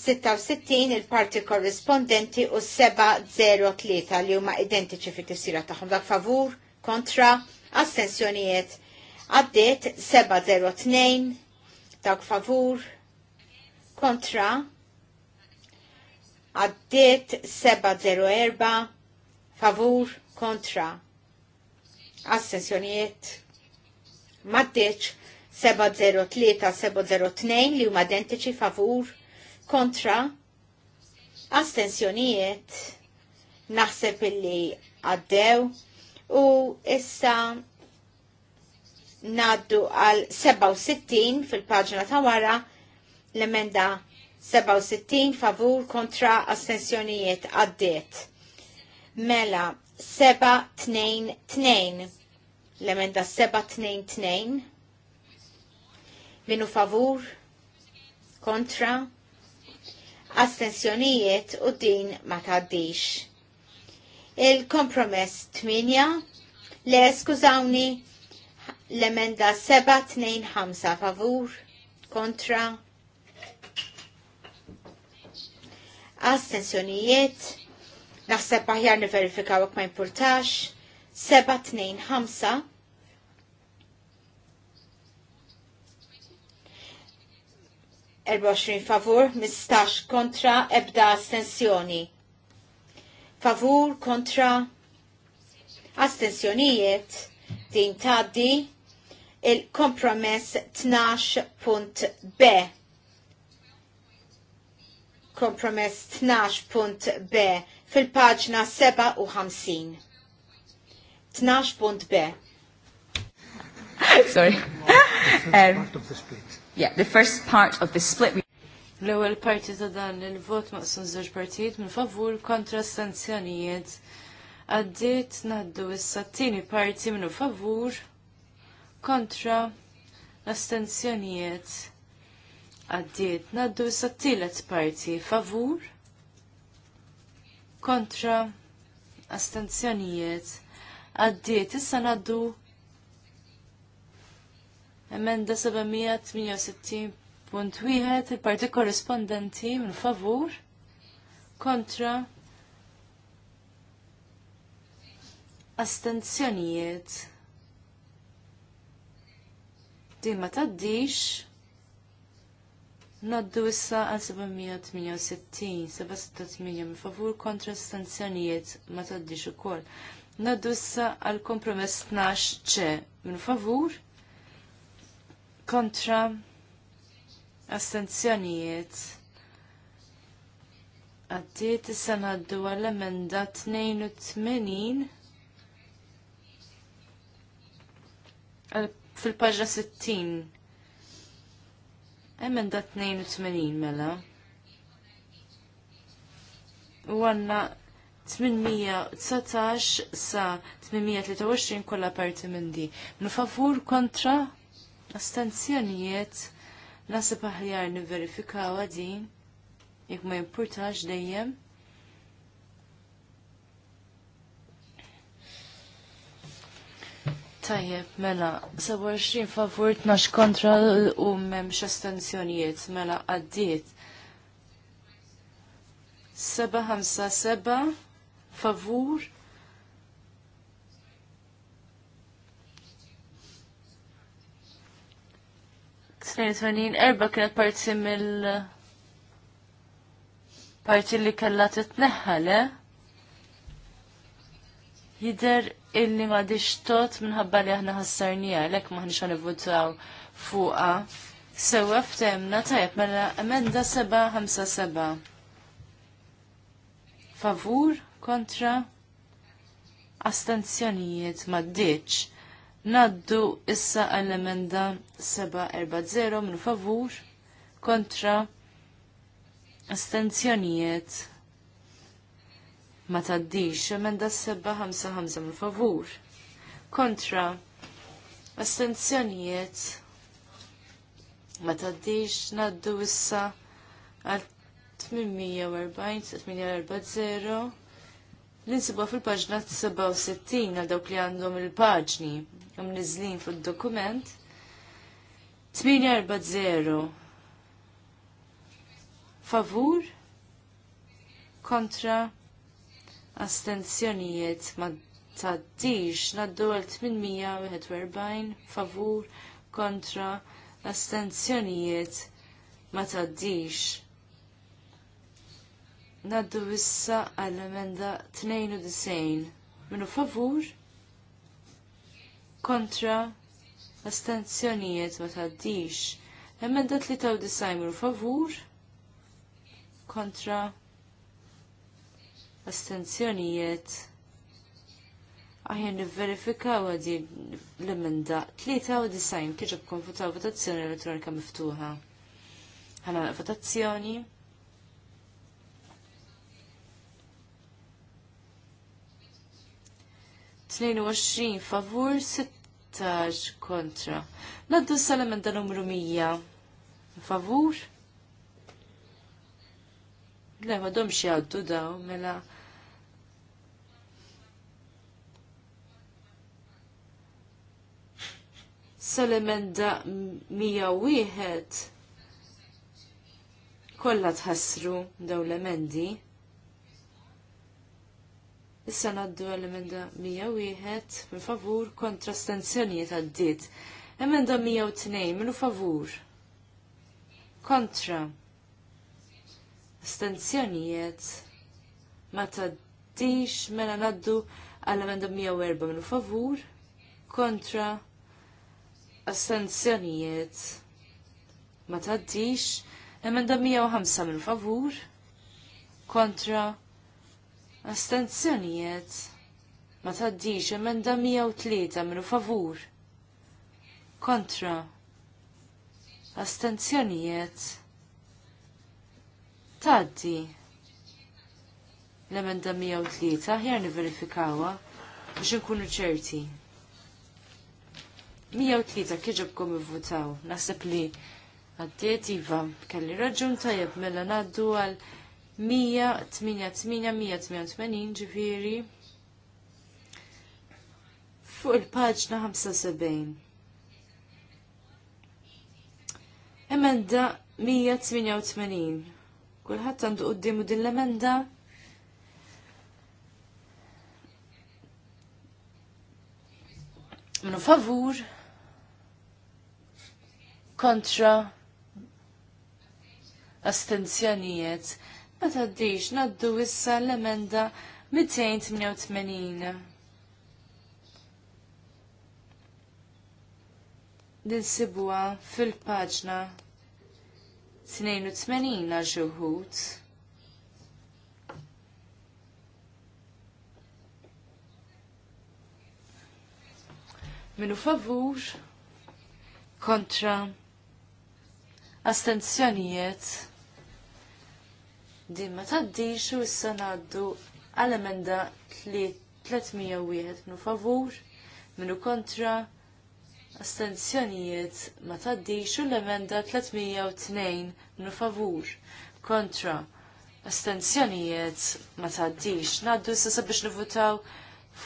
66 il-parti korrispondenti u 703 li huma identiċi fit tisira tagħhom dak favur kontra astensjonijiet għaddit 702 dak favur kontra għaddit 704 favur kontra għas-sessjonijiet maddeċ 703-702 li huma identiċi favur kontra astensjonijiet naħseb illi għaddew u issa naddu għal 67 fil pagġna ta' wara l-emenda 67 favur kontra astensjonijiet għaddiet. Mela, 7-2-2. L-emenda 7-2-2. Minu favur, kontra, astensjonijiet u din ma taddix. Il-kompromess 8, le eskużawni l-emenda 7-2-5 favur, kontra, astensjonijiet Naħseb aħjar niverifikaw ma jimpurtax. 725 24 favur, mistax kontra, ebda astensjoni. Favur, kontra, astensjonijiet, din taddi, il-kompromess 12.b. Kompromess 12.b fil-paġna 57. 12.b. Sorry. um, yeah, the first part of the split. l ewel parti ta' dan il-vot maqsum żewġ partijiet minn favur kontra sanzjonijiet. Għaddit naddu s-sattini tieni parti minn favur kontra l-astenzjonijiet. Għaddit naddu s-sattilet tielet parti favur kontra astenzjonijiet għaddiet. Issa naddu emenda 768.1 il-parti korrispondenti minn favur kontra astenzjonijiet. Din ma taddix Naddu issa għal 768, 768 favur kontra sanzjonijiet ma taddix ukoll. Naddu issa għal kompromess 12 ċe minn favur kontra astenzjonijiet. Għaddiet issa naddu għal emenda 82 fil-paġra 60 Emenda 82 mela. U għanna 819 sa 823 kolla parti minn di. Nufavur kontra astenzjonijiet nasa aħjar niverifikaw għadin jek ma jimportax dejjem. Tajjeb, mela, 27 favur 12 kontra u memx astenzjonijiet, mela għaddiet. 757 favur Tnejn erba kienet parti mill parti li kalla t-tneħħale. Eh? Jider illi ma tot minħabba li aħna ħassarnija, lek xan għanivutaw fuqa. Sewa ftemna tajab mela emenda 757. Favur kontra astenzjonijiet ma ditx Naddu issa għall-emenda 740 minn favur kontra astenzjonijiet ma taddix, emenda sebba ħamsa ħamsa mill favur. Kontra, astenzjonijiet, ma taddix naddu issa għal 840-840 l insibwa fil-pagġna 67 għal dawk li għandhom il-pagġni għam nizlin fil-dokument 840 favur kontra astenzjonijiet ma taddix naddu għal 841 favur kontra astenzjonijiet ma taddix. Naddu issa għall emenda 92 minu favur kontra astenzjonijiet ma taddix. Emenda 93 minu favur kontra astenzjonijiet nivverifika u għadi l-emenda 93 kieġab konfutaw votazzjoni elettronika miftuħa. Ħana votazzjoni. Tnejn favur, 16 kontra. Naddu s emenda numru 100. Favur? Le, ma domx jgħaddu daw, mela. Salemenda emenda wieħed kollha tħassru daw l-emendi. Issa naddu l-emenda wieħed, minn favur kontra stenzjoniet għaddit. Emenda tnejn minn favur kontra stanzjonijiet ma taddix mela naddu għal emenda 104 minu favur kontra astenzjonijiet ma taddix emenda 105 minu favur kontra astenzjonijiet ma taddix emenda 103 minu favur kontra astenzjonijiet Taddi. L-emenda 103 ħjar niverifikawa biex nkunu ċerti. 103 kieġobkom votaw. Nasib li għaddiet iva kelli raġun tajjeb mela naddu għal 188-188 ġifiri fuq il-paġna 75. Emenda 188. Kulħadd għandu quddiemu din l-emenda. Minu favur kontra astenzjonijiet. Ma taddiġ naddu issa l-emenda 288. Ninsibuha fil-paġna 82 għal Minu favur kontra astenzjonijiet din ma taddix u issa ngħaddu għal emenda 301 minu favur minu kontra astenzjonijiet ma taddix u l-emenda 302 minu favur kontra astenzjonijiet ma taddix. Naddu s issa biex nivutaw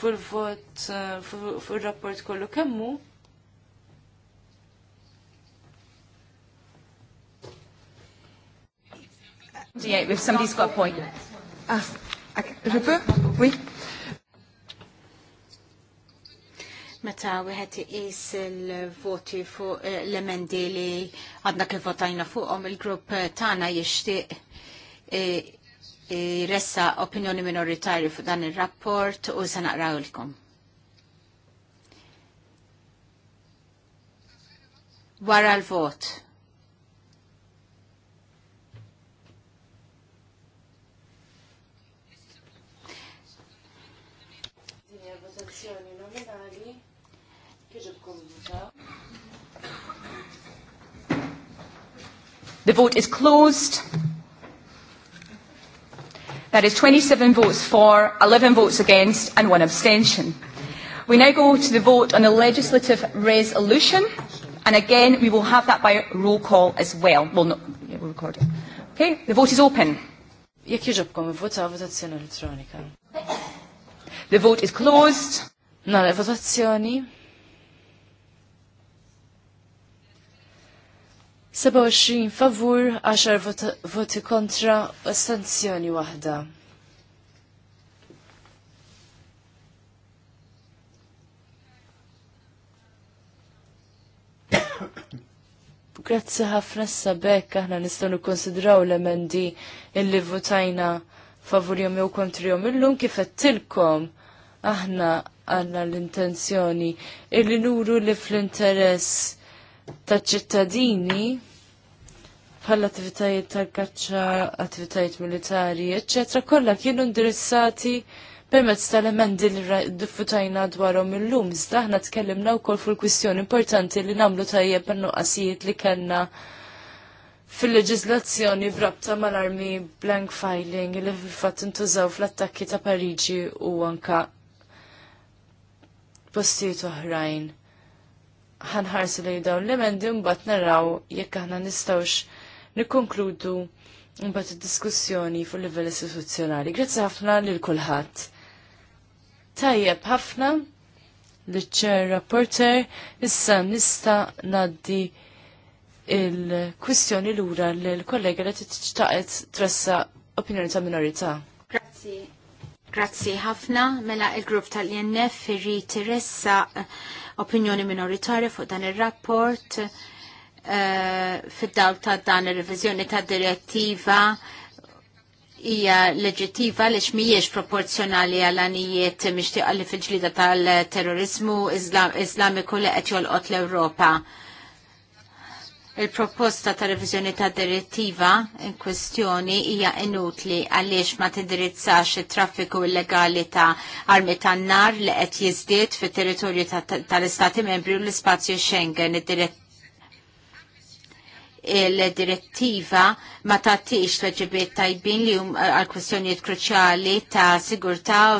fil-vot eh, fil-rapport kollu kemmu. Yeah, if somebody's got a point. Ah, I peux? Oui. meta wieħed iqis il-voti fuq eh, l-emendi li għadna kif votajna fuqhom il-grupp tagħna jixtieq eh, ressa opinjoni minoritarju fuq dan ir-rapport u se naqrawlkom. Wara l-vot The vote is closed. That is 27 votes for, 11 votes against and one abstention. We now go to the vote on the legislative resolution and again we will have that by roll call as well. Well, not yeah, we'll record it. Okay, the vote is open. Jek jiġobkom vota votazzjoni elettronika. The vote is closed. Nara votazzjoni. 27 favur, 10 voti, kontra, astenzjoni waħda. Grazzi ħafna s-sabek, aħna nistaw nikkonsidraw l-emendi illi votajna favorjom jew kontrihom illum kif qedtilkom aħna għandna l-intenzjoni illi nuru li fl-interess taċ ċittadini bħal attivitajiet tal-kaċċa, attivitajiet militari, eccetera, kollha kienu indirizzati permezz tal-emendi li diffutajna dwarhom illum. Iżda aħna tkellimna wkoll fuq kwistjoni importanti li nagħmlu tajjeb għan-nuqqasijiet li kellna fil-leġizlazzjoni brabta mal-armi blank filing li fil-fatt intużaw fl-attakki ta' Pariġi u anka postijiet oħrajn ħanħarsu li dawn l-emendi mbagħad naraw jekk aħna nistgħux nikkonkludu mbagħad id-diskussjoni fuq livell istituzzjonali. Grazzi ħafna lil kulħadd. Tajjeb ħafna li ċer rapporter issa nista naddi il-kwistjoni l-ura l-kollega li t-taqet tressa opinjoni ta' minorita. Grazzi. Grazzi ħafna mela il-grupp tal-INF irrid tiressa opinjoni minoritarja fuq dan il-rapport uh, eh, fid-dawl ta' dan il-revizjoni ta' direttiva hija leġittiva li xmijiex proporzjonali għal anijiet mixtieqa li fil-ġlida tal-terrorizmu islamiku li qed jolqot l-Ewropa. Il-proposta ta' revizjoni ta' direttiva in kwestjoni hija inutli għaliex ma tindirizzax it-traffiku illegali ta' armi tan nar li qed jiżdied fit-territorju tal-Istati membri u l-ispazju Schengen il-direttiva ma tagħtix ġibiet tajbin li hum eh, għal kwestjonijiet kruċjali ta' sigurtà u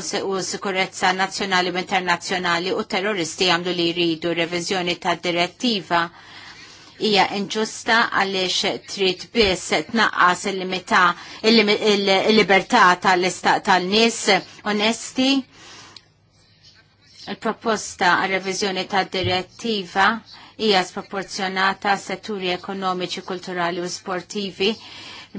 sikurezza nazzjonali u internazzjonali u terroristi jagħmlu li jridu reviżjoni tad direttiva hija inġusta għaliex trid biss tnaqqas il-libertà tal-nies onesti. Il-proposta għal reviżjoni tad-direttiva hija sproporzjonata setturi ekonomiċi, kulturali u sportivi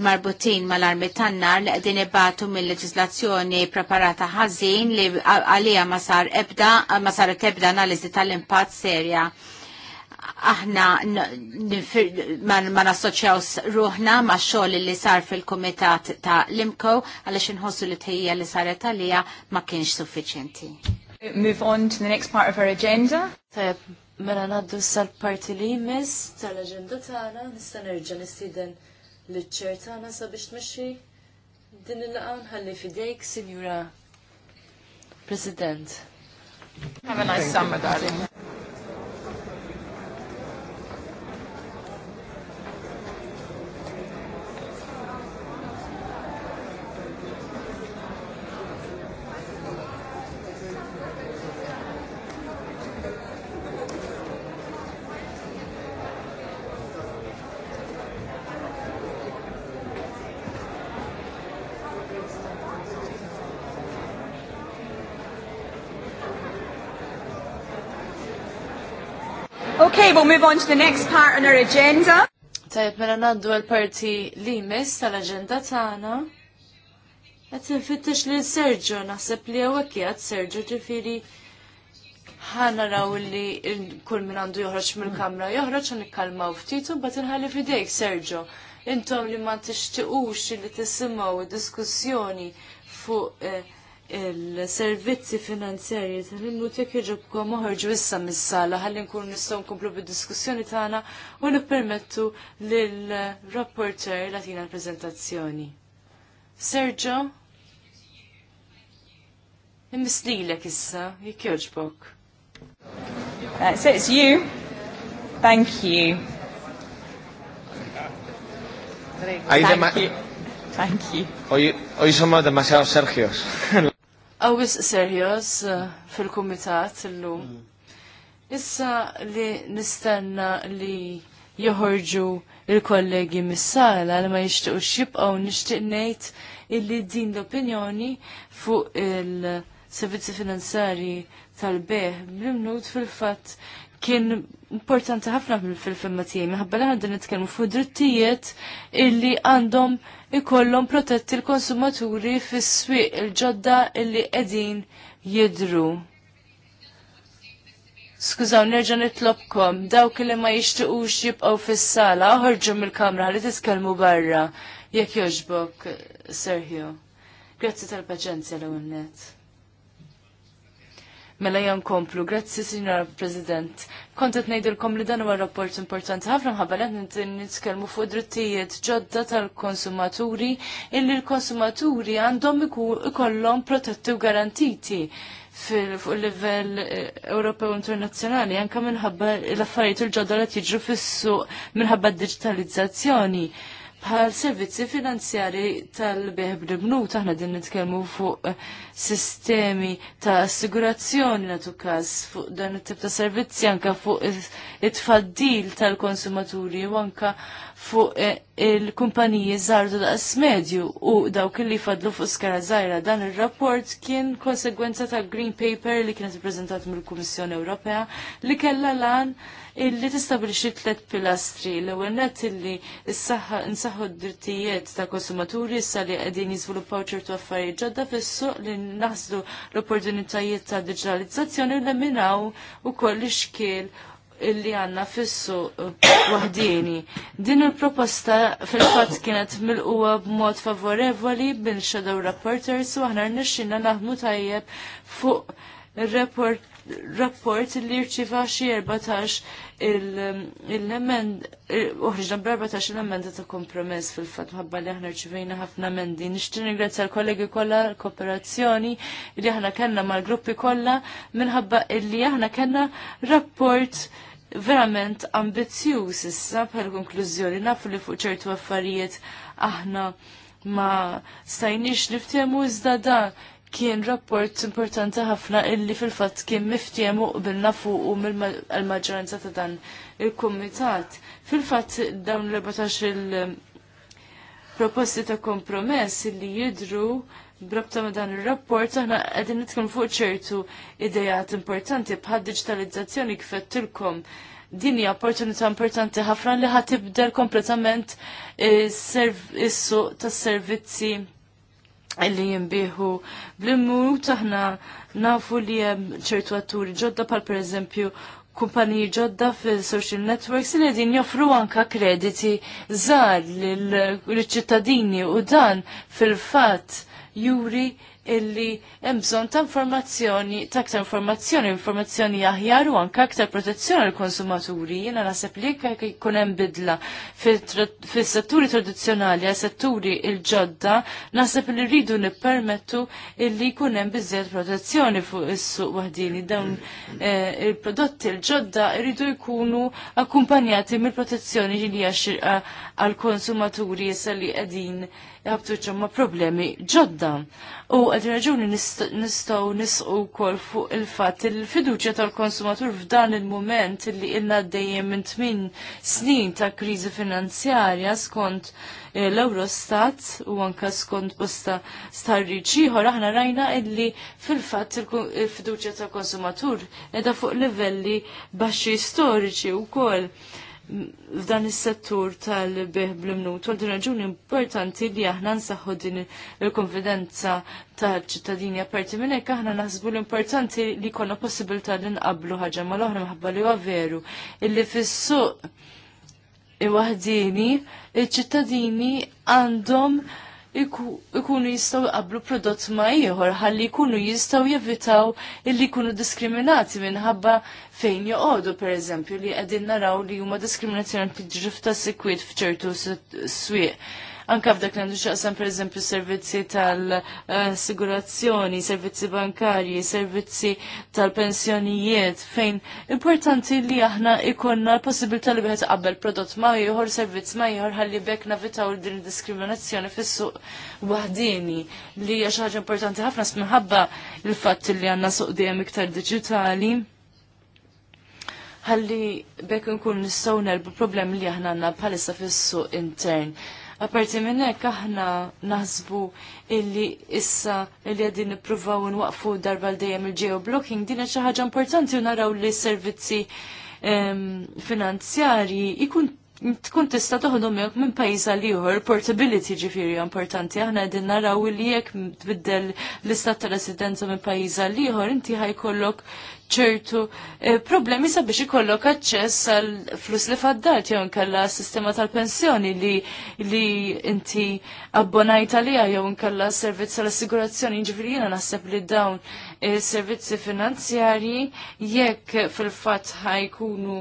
marbutin mal-armi tannar li għedin ibatu mill leġizlazzjoni preparata ħażin li għalija ma sar ebda ma saret ebda analiżi tal-impatt serja aħna ma nassoċjaw ruħna ma xogħol li sar fil-kumitat ta' Limco għaliex inħossu li tħejja li saret għalija ma kienx suffiċjenti. Move on to the next part of our agenda. Tajab, mela naddu sal-parti li jmiss tal-agenda tagħna nista' nerġa' nistieden l-ċer tagħna sabiex tmexxi din il-laqgħa nħalli fidejk, Sinjura President. Have a nice summer, darling. we'll move on to the next part on our agenda. Tajb, mela naddu għal-parti li mis tal-agenda tagħna. Qed nfittex li Sergio, naħseb li hawnhekk għad Sergio ħana raw li kull min għandu joħroġ mill-kamra joħroġ għan ikkalmaw ftit ftitu, bat nħalli fidejk Sergio. Intom li ma t-ixtiqux li tisimgħu diskussjoni fuq eh, il-servizzi finanzjarji ta' innut jekk jġobkom moħorġu issa mis-sala ħalli nkunu nistgħu nkomplu bid-diskussjoni tagħna u nippermettu lill-rapporter latina l-preżentazzjoni. Sergio, imislilek issa, jekk jogħġbok. That's uh, it's you. Thank you. Thank you. Thank you. Hoy, hoy somos demasiados Sergios. għawis serjos eh, fil-komitat illum. Mm. Issa li nistenna li joħorġu il-kollegi mis-sala li ma jishtiqu xibqaw nishtiq nejt illi din l-opinjoni fuq il-servizzi finanzari tal-beħ bl-imnut fil-fat kien importanti ħafna fil-filma tiegħi minħabba li għandna nitkellmu fuq drittijiet illi għandhom ikollhom protetti l-konsumaturi fis-swieq il-ġodda illi qegħdin jidru. Skużaw, nerġa' nitlobkom, dawk li ma jixtiqux jibqgħu fis-sala, ħorġu mill-kamra li tiskellmu barra jekk jogħġbok, Serhio. Grazzi tal-paċenzja l-għunnet. Mela jan komplu, grazzi Signora President. Kontet nejdilkom li dan huwa rapport importanti ħafna mħabbalet nitkellmu fuq drittijiet ġodda tal-konsumaturi illi l-konsumaturi għandhom ikollhom protetti u garantiti fuq il-livell eh, Ewropew internazzjonali anke minħabba l-affarijiet il-ġodda li jiġru fis-suq minħabba d-diġitalizzazzjoni għal servizzi finanzjari tal-beħb dibnu taħna din nitkellmu fuq sistemi ta' assigurazzjoni natu kas fuq dan it-tip ta' servizzi anka fuq it-tfaddil tal-konsumaturi u anka fuq eh, il-kumpaniji zardu daqs medju u dawk li fadlu fuq skara zaħira dan il-rapport kien konsegwenza ta' Green Paper li kienet prezentat mill-Kummissjoni Ewropea li kella lan illi tistabilixi tlet pilastri l-ewwel illi s nsaħħu d-drittijiet ta' konsumaturi issa li qegħdin jiżviluppaw ċertu affarijiet ġodda fis-suq li naħslu l-opportunitajiet ta' diġitalizzazzjoni li minaw ukoll ix-xkiel illi għanna fissu wahdini. Din il-proposta fil-fat kienet mil-uwa b'mod favorevoli bin shadow rapporters u għanar rnexxina naħmu tajjeb fuq il-report rapport li rċiva xi 14 il-emend, um, uħriġna b-14 il-emenda ta' kompromess fil-fat, mħabba li ħna rċivejna ħafna mendi. Nishtin ringrazzja l-kollegi kolla, kooperazzjoni li ħna ma' mal gruppi kolla, minħabba li ħna kena rapport verament ambizjuż issa bħal konklużjoni nafu li fuq ċertu affarijiet aħna ma stajniex niftemu iżda da' kien rapport importanti ħafna illi fil-fatt kien miftiemu qbilna fuq u mill-maġġoranza ta' dan il-kumitat. Fil-fatt dawn l-14 il-proposti ta' kompromess illi jidru brabta ma' dan il-rapport aħna qegħdin nitkellmu fuq ċertu idejat importanti bħal digitalizzazzjoni kif din hija opportunità importanti ħafna li ħatibdel kompletament is-suq tas-servizzi illi jimbiħu bl-immur taħna nafu li jem ċertu atturi ġodda pal per eżempju kumpaniji ġodda fil-social networks li din joffru anka krediti zar l-ċittadini u dan fil-fat juri illi hemm bżonn ta' informazzjoni, ta' aktar informazzjoni, informazzjoni aħjar u anke aktar protezzjoni għall konsumaturi Jiena naħseb li jekk jkun hemm bidla fis-setturi tradizzjonali għal setturi il-ġodda, naħseb li rridu nippermettu illi jkun hemm biżżejjed protezzjoni fuq is-suq waħdini. Dawn eh, il-prodotti il-ġodda rridu jkunu akkumpanjati mill-protezzjoni li hija għal għall konsumaturi jessa li qegħdin jabtu ċemma problemi ġodda. U għad raġuni nistaw nisqu kol fuq il-fat il-fiduċja tal-konsumatur f'dan il-moment li illa dejjem minn tmin snin ta' krizi finanzjarja skont eh, l-Eurostat u anka skont bosta starri ċiħor, aħna rajna illi fil-fat il-fiduċja tal-konsumatur edha fuq livelli baxxi storiċi u kol f'dan is-settur tal-beħ bl-imnut. Għal raġuni importanti li aħna nsaħħu din il-konfidenza tal-ċittadini apparti minn hekk aħna naħsbu l-importanti li konna possibilità li nqablu ħaġa mal oħra maħabba li huwa veru illi fis-suq iwaħdini iċ-ċittadini għandhom il ikunu jistaw jqablu prodott ma ieħor ħalli jkunu jistaw jevitaw illi jkunu diskriminati minħabba fejn joqogħdu pereżempju li qegħdin naraw li huma diskriminazzjoni tiġri f'ta' sikwit f'ċertu swieq anka f'dak li għandu xaqsam per eżempju servizzi tal-assigurazzjoni, servizzi bankarji, servizzi tal-pensjonijiet, fejn importanti li aħna ikonna l-possibilità li bħet qabel prodott ma jħor servizz ma jħor ħalli bekk navitaw din diskriminazzjoni fis-suq wahdini li hija xi ħaġa importanti ħafna minħabba il-fatt li għandna suq dejjem iktar diġitali ħalli bekk nkun nistgħu nerbu problemi li aħna għandna bħalissa fis-suq intern. Aparti minn hekk aħna naħsbu illi issa illi għadin nippruvaw nwaqfu darba l-dejjem il-geoblocking din xi ħaġa importanti u naraw li servizzi ehm, finanzjarji ikun tkun tista' toħdu jekk minn pajjiż għal ieħor, portability ġifieri importanti. Aħna qegħdin naraw li jekk tbiddel l-istat ta' residenza minn pajjiż għal ieħor, inti ħajkollok ċertu eh, problemi sabiex ikollok aċċess għal flus li faddar jew nkella sistema tal-pensjoni li li inti abbonajt għalija jew nkella servizz tal-assigurazzjoni ġifieri jiena naħseb li dawn servizzi finanzjarji jekk fil fat ħajkunu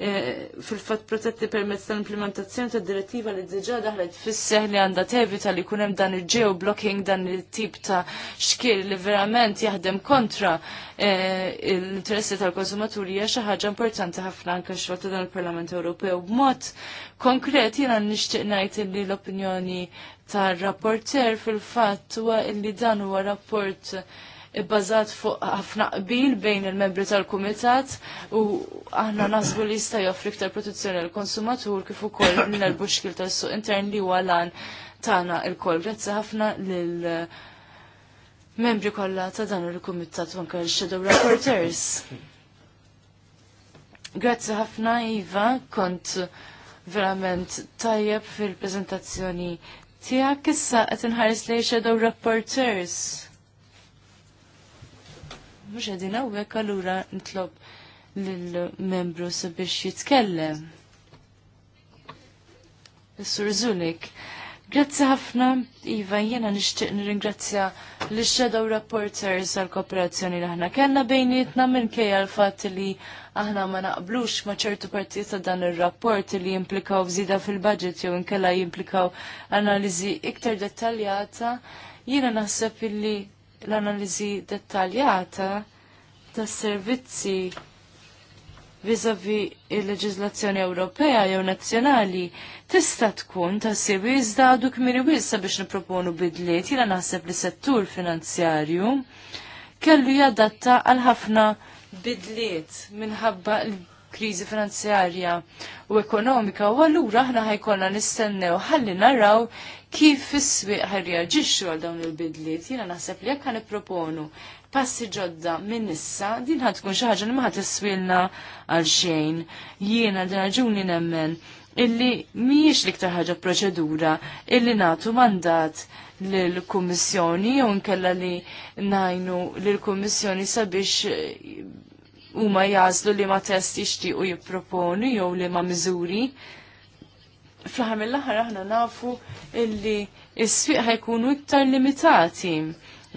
eh, fil-fatt protetti permezz tal-implementazzjoni ta' direttiva li diġà daħlet fis-seħ li għandha tevita li jkun hemm dan il-geo blocking dan il-tip ta' xkir li verament jaħdem kontra eh, l-interessi tal-konsumaturi hija xi ħaġa importanti ħafna anke xogħol ta' dan il-Parlament Ewropew. B'mod konkret jiena nixtieq ngħid li l-opinjoni tar-rapporter fil-fatt huwa li dan huwa rapport ibbażat fuq ħafna qbil bejn il-membri tal-kumitat u aħna nasbu li jista' joffri iktar protezzjoni għall konsumatur kif ukoll nelbu buxkil tas-suq intern li huwa lan tagħna lkoll. Grazzi ħafna lil membri kollha ta' dan il-kumitat u anke l-shadow rapporters. Grazzi ħafna Iva, kont verament tajjeb fil-prezentazzjoni tiegħek. issa qed inħares lejn shadow reporters mhux qegħdin hawnhekk allura nitlob lill-membru sabiex jitkellem. sur Zunik, Grazzi ħafna, Iva, jiena nixtieq nirringrazzja l shadow Reporters għal kooperazzjoni li aħna kellna bejnietna kej l fat li aħna ma naqblux ma ċertu partijiet ta' dan ir-rapport li jimplikaw żida fil-budget jew inkella jimplikaw analiżi iktar dettaljata. Jiena naħseb illi l-analiżi dettaljata tas-servizzi vizavi il-leġizlazzjoni Ewropea jew nazzjonali tista' tkun ta' sibi iżda għadu kmini wilsa biex niproponu bidliet jiena naħseb li settur finanzjarju kellu jadatta għal ħafna bidliet minħabba l kriżi finanzjarja u ekonomika u allura aħna ħajkonna nistennew ħalli naraw kif is-swieq ħarreaġixxu għal dawn il-bidliet. Jiena naħseb li jekk ħanipproponu passi ġodda minn issa, din ħad tkun xi ħaġa li ma ħad iswilna għal xejn. Jiena din raġuni nemmen illi mhijiex l-iktar ħaġa proċedura illi nagħtu mandat lill-Kummissjoni jew nkella li najnu lill-Kummissjoni sabiex eh, huma jażlu li ma test jixtiequ jipproponu jew li ma miżuri fl-ħar mill-ħar aħna nafu illi s-sfiq ħajkunu iktar limitati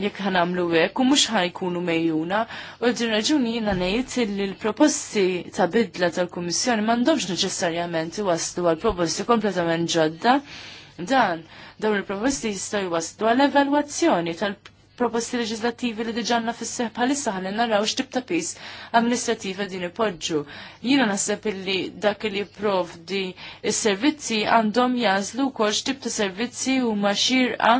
jekk ħanamlu hekk u mhux ħajkunu mejjuna u din raġuni jiena ngħid li l-proposti ta' bidla tal-Kummissjoni m'għandhomx neċessarjament waslu għal proposti kompletament ġodda dan dawn il-proposti jistgħu jwaslu għal evalwazzjoni tal proposti leġislattivi li diġanna fis bħalissa ħalli naraw x'tib ta' pis amministrativa din ipoġġu. Jiena naħseb illi dak li jipprovdi s-servizzi għandhom jażlu wkoll x'tib ta' servizzi huma xirqa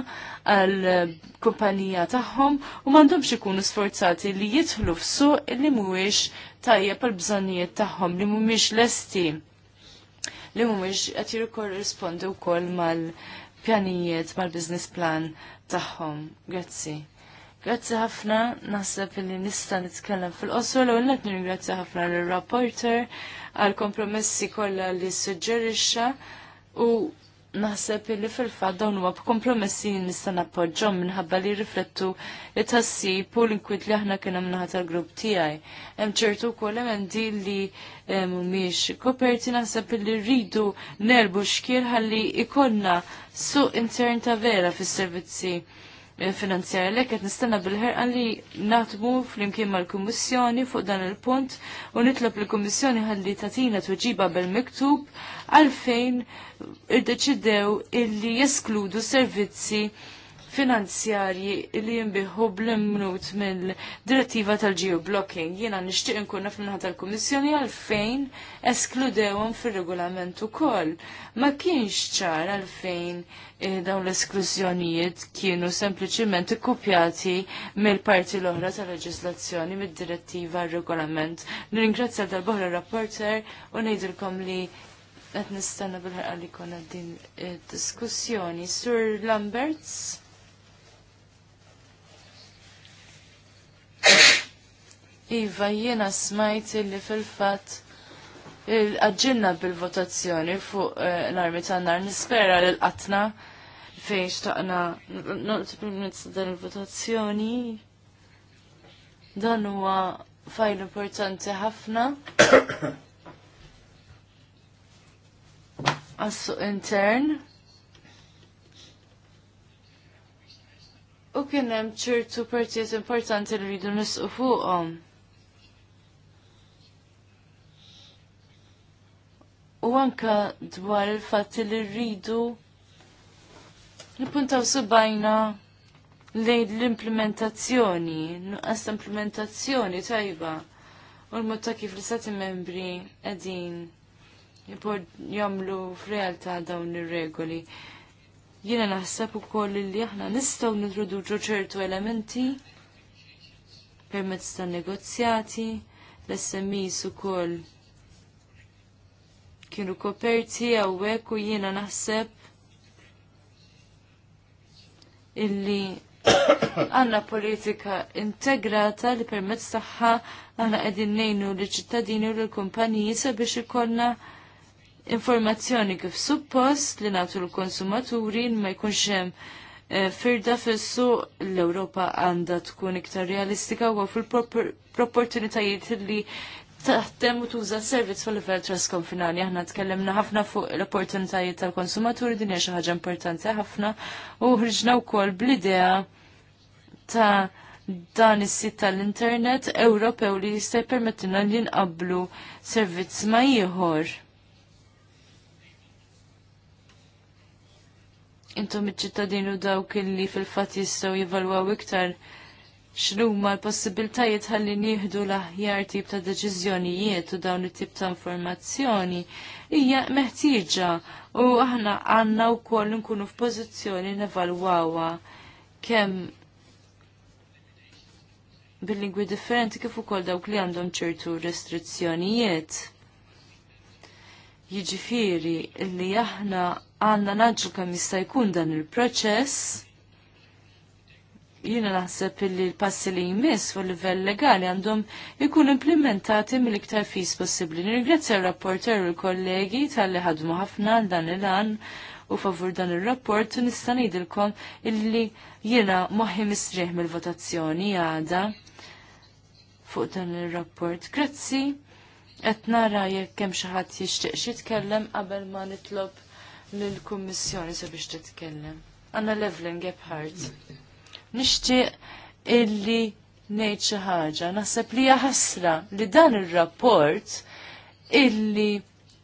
għal kumpanija tagħhom u m'għandhomx ikunu sforzati li jitħlu f'su li mhuwiex tajjeb għal bżonnijiet tagħhom li mhumiex lesti li mhumiex qed jirkorrispondu wkoll mal-pjanijiet mal-business plan tagħhom. Grazzi. Grazzi ħafna, naħseb li nista' nitkellem fil-qosor l qed ningrazzja ħafna lir rapporter għal kompromessi kollha li suġġerixxa u naħseb li fil-fatt dawn huwa b'kompromessi nista' nappoġġhom minħabba li riflettu li tassib u l-inkwit li aħna kien hemm naħa tal-grupp tiegħi. Hemm ċertu wkoll elementi li mhumiex koperti naħseb li rridu nerbu xkiel ħalli ikollna suq intern ta' vera fis-servizzi finanzjar li qed nistenna bil-ħerqan li natmu flimkien mal-Kummissjoni fuq dan il-punt u nitlob lill kummissjoni ħalli tatina tweġiba bil-miktub għalfejn irdeċidew illi jeskludu servizzi finanzjarji li jimbiħu bl-imnut mill-direttiva tal-geoblocking. Jiena nixtieq nkun naf minnħat tal komissjoni għalfejn eskludewhom fir-regolament ukoll. Ma kienx ċar għalfejn eh, dawn l-esklużjonijiet kienu sempliciment ikkupjati mill-parti l-oħra tal-leġislazzjoni mid-direttiva regolament. Nirringrazzja dal-boħra rapporter u ngħidilkom li qed nistenna bil-ħarqa li konna eh, diskussjoni. Sur Lamberts? Iva, jiena smajt illi fil-fat għadġinna bil-votazzjoni fuq eh, l-armi tannar nispera l-qatna fejn xtaqna noqt dan il-votazzjoni. Dan huwa fajn importanti ħafna. Assu intern. u kien hemm ċertu partijiet importanti li rridu nisqu fuqhom. U anka dwar il-fatt li rridu nipuntaw subajna lejn l-implementazzjoni, nuqqas implementazzjoni tajba. U l-mod ta' kif l-istati membri qegħdin jagħmlu f'realtà dawn ir-regoli. Jiena naħseb ukoll li aħna nistgħu nintroduċu ċertu elementi permezz ta' negozjati, l u ukoll kienu koperti hawnhekk u jiena naħseb illi għanna politika integrata li permezz tagħha għanna qegħdin ngħinu li ċittadini u l-kumpaniji sabiex ikollna informazzjoni kif suppost li natu l-konsumaturi ma jkunx hemm eh, firda fissu l-Ewropa għandha tkun iktar realistika u fil proportunitajiet li taħdem u tuża servizz fil livell trasconfinali. Aħna tkellimna ħafna fuq l-opportunitajiet tal-konsumaturi din hija xi ħaġa importanti ħafna u ħriġna wkoll bl-idea ta' dan is-sit tal-internet Ewropew li jista' jpermettilna li nqablu servizz ma' ieħor. intom iċ ċittadini u dawk illi fil-fatt jistgħu jivalwaw iktar x'luma l-possibiltajiet ħalli nieħdu l-aħjar tip ta' deċiżjonijiet u dawn it-tip ta' informazzjoni hija meħtieġa u aħna għandna wkoll nkunu f'pożizzjoni nevalwawha kemm bil-lingwi differenti kif ukoll dawk li għandhom ċertu restrizzjonijiet. Jiġifieri illi aħna għandna naġġu kemm jista' jkun dan il-proċess. Jiena naħseb illi l-passi li jmiss fuq livell legali għandhom ikun implementati mill-iktar fis possibbli. Nirringrazzja r-rapporter u l-kollegi tal-li ħadmu ħafna dan il-għan u favur dan il-rapport u nista' ngħidilkom illi jiena moħħi mistrieħ mill-votazzjoni għada fuq dan il-rapport. Grazzi. Qed nara jekk hemm xi ħadd jixtieq jitkellem qabel ma nitlob lill-Kummissjoni sabiex titkellem. Anna Levlin Gebhardt. Nixtieq illi ngħid xi ħaġa, naħseb li jahasra li dan ir-rapport illi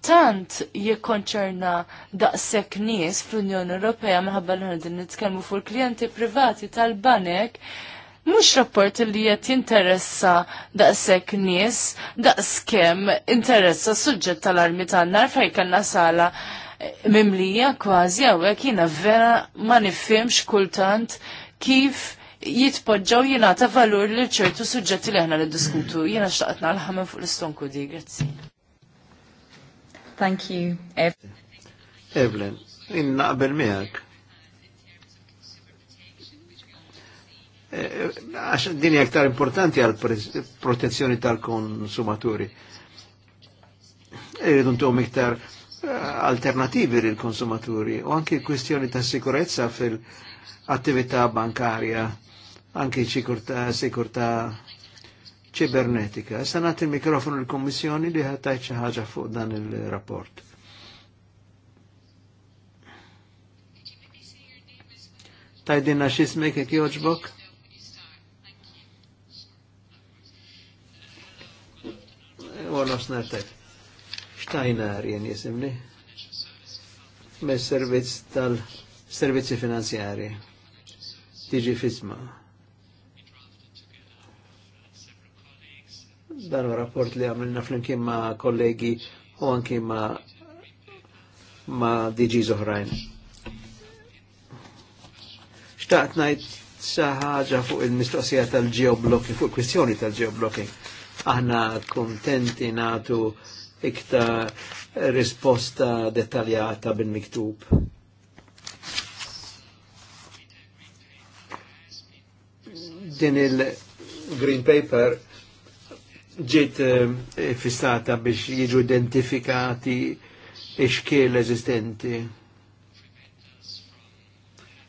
tant jikkonċerna daqsek nies fl-Unjoni Ewropea minħabba l din nitkellmu fuq klienti klijenti privati tal-banek mhux rapport li qed jinteressa daqshekk nies, daqskemm interessa suġġett tal-armi tan-nar fejn kellna sala mimlija kważi għawek jina vera ma nifhimx kultant kif jitpoġġaw jingħata valur lil ċertu suġġetti li aħna Jina xtaqtna xtaqt nagħlħamen fuq l-istonku di, grazzi. Thank you, Evelyn. Evelyn, qabel miegħek għax din aktar importanti għal protezzjoni tal-konsumaturi. Irridu ntuhom iktar eh, alternativi lil konsumaturi u anki kwestjoni ta' sikurezza fil-attività bankarja, anki sikurta ċibernetika. Issa nagħti il-mikrofonu l-Kommissjoni li ħatajt xi ħaġa fuq dan il-rapport. Tajdinna x'ismek jekk joġbok? għonos nartek. Xtajnar jen jisimni. Me servizz tal-servizzi finanzjari. Tiġi fisma. Dan u rapport li għamilna flimkien ma' kollegi u anki ma' ma' DG zoħrajn. Xtaqt najt ħaġa fuq il-mistoqsija tal-geoblocking, fuq il kwistjoni tal-geoblocking. Aħna kontenti natu iktar risposta detaljata bin miktub Din il-Green Paper ġiet eh, fissata biex jiġu identifikati ixkiel eżistenti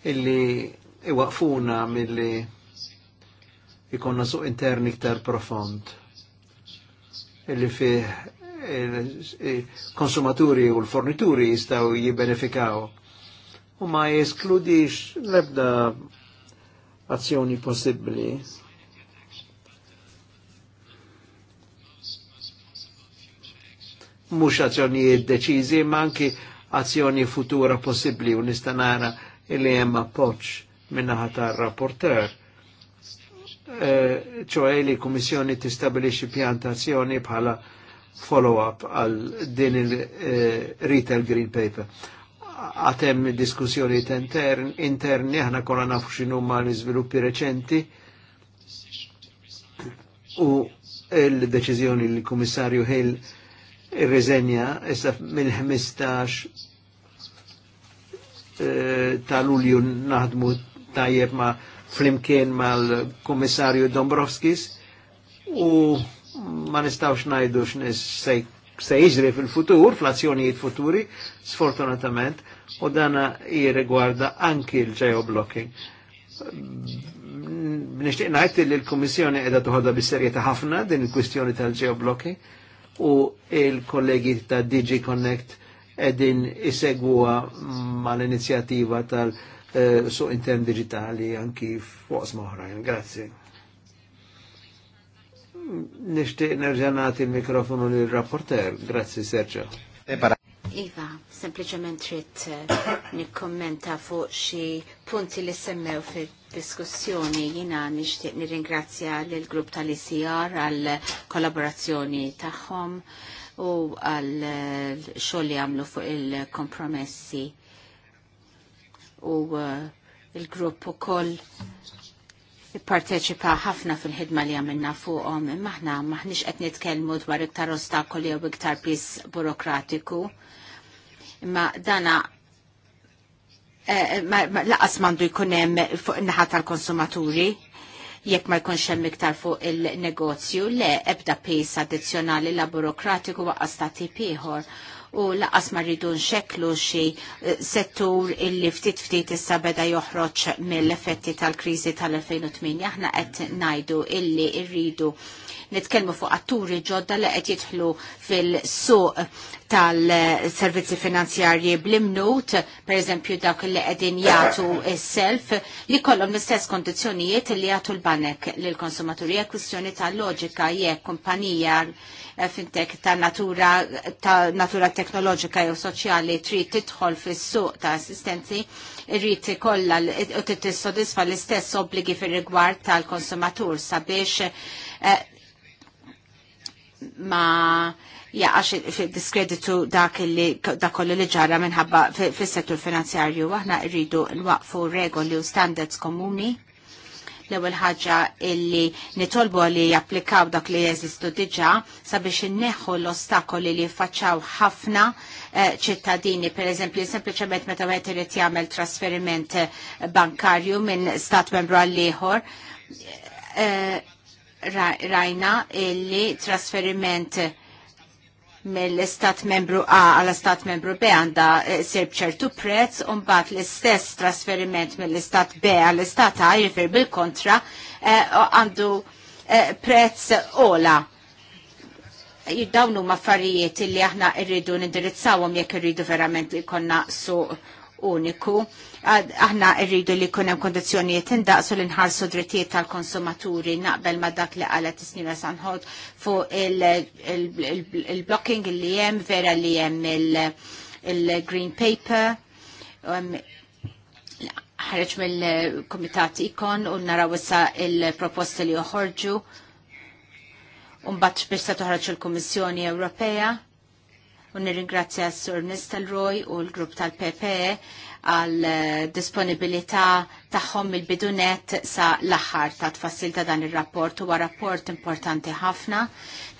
illi iwaqfuna mill-li ikonna suq interni ktar profond li fih eh, eh, konsumaturi u l-fornituri jistaw jibbenefikaw. U ma jeskludix lebda azzjoni possibli. Mux azzjonijiet deċizi, ma anki azzjoni futura possibli u nistanara illi hemm rapporter Eh, ċoħe li kummissjoni tistabilixi pjantazzjoni bħala follow-up għal din il-Retail eh, Green Paper. Għatem diskussjoni interni, ħana kolla nafu xinu ma l-izviluppi reċenti u il-deċizjoni li kummissarju Hill irriżenja issa minn 15 eh, tal-ulju naħdmu tajjeb ma' flimkien mal-Komissarju Dombrovskis u ma nistawx najdu se jiġri fil-futur, fl-azzjonijiet futuri, sfortunatament, u dana jirrigwarda anki l-geoblocking. Nishtiq najt li l-Komissjoni edha tuħodha bis-serjeta ħafna din il-kwistjoni tal-geoblocking u il-kollegi ta' DigiConnect Connect edin isegwa mal-inizjativa tal-Komissjoni Eh, su intern digitali anki fuq moħrajn. Grazzi. Nishtiq nerġanat il-mikrofonu l-rapporter. Grazie, Sergio. E iva, sempliciment trid eh, nikkommenta fuq xi punti li semmew fid-diskussjoni jina nixtieq nirringrazzja lil grupp tal-ICR għal kollaborazzjoni tagħhom u għal eh, xogħol li għamlu fuq il-kompromessi u uh, il-grupp u koll parteċipa ħafna fil-ħidma li għamilna fuqhom, Maħna aħna maħniex qed nitkellmu dwar iktar ostakoli jew iktar pis burokratiku. Imma dana eh, eh, laqas mandu jkun hemm fuq in-naħa tal-konsumaturi jekk ma jkunx hemm iktar fuq il-negozju le ebda pis addizzjonali la burokratiku waqqas ta' ieħor u laqas ma rridu nxeklu xi eh, settur illi ftit ftit issa beda joħroġ mill-effetti tal-kriżi tal-2008. Aħna qed ngħidu illi rridu nitkellmu fuq atturi ġodda li qed jidħlu fil-suq tal-servizzi finanzjarji bl-imnut, per eżempju dawk li qegħdin jagħtu s-self li kollhom l-istess kondizzjonijiet li jagħtu l-banek lil konsumaturi hija kwistjoni tal loġika jekk kumpanija eh, f'intek ta' natura ta' natura teknoloġika jew soċjali trid tidħol fis-suq ta' assistenzi irrid ikollha u tissodisfa l-istess obbligi fir-rigward tal-konsumatur sabiex eh, ma jaqax diskreditu dak li dakollu li ġara minħabba fis settur finanzjarju. Aħna rridu nwaqfu regoli u standards komuni l-ewwel ħaġa illi nitolbu li japplikaw dak li jeżistu diġà sabiex inneħħu l-ostakoli li faċċaw ħafna eh, ċittadini, per eżempju, sempliċement meta wieħed irid jagħmel trasferiment eh, bankarju minn stat membru għal ieħor. Eh, rajna illi trasferiment mill-istat membru A għal-istat membru B għanda eh, sir bċertu prezz un bat l-istess trasferiment mill-istat B għal-istat A jifir bil-kontra eh, għandu eh, prezz ola jiddawnu maffarijiet li aħna irridu nindirizzawhom jekk irridu verament li konna su uniku aħna rridu li kunem kondizjoni indaqsu li nħarsu drittijiet tal-konsumaturi naqbel ma dak li għalet snira sanħod fuq il-blocking il jem vera li jem il-green paper um, ħareċ mill-komitat ikon u naraw issa il-proposti li uħorġu Unbat biex ta' toħraċ il-Kommissjoni Ewropea u nirringrazzja s-Sur Nistelroj u l-Grupp tal-PPE għal disponibilità tagħhom mill-bidunet sa l-aħħar ta' tfassil ta' dan ir-rapport huwa rapport importanti ħafna.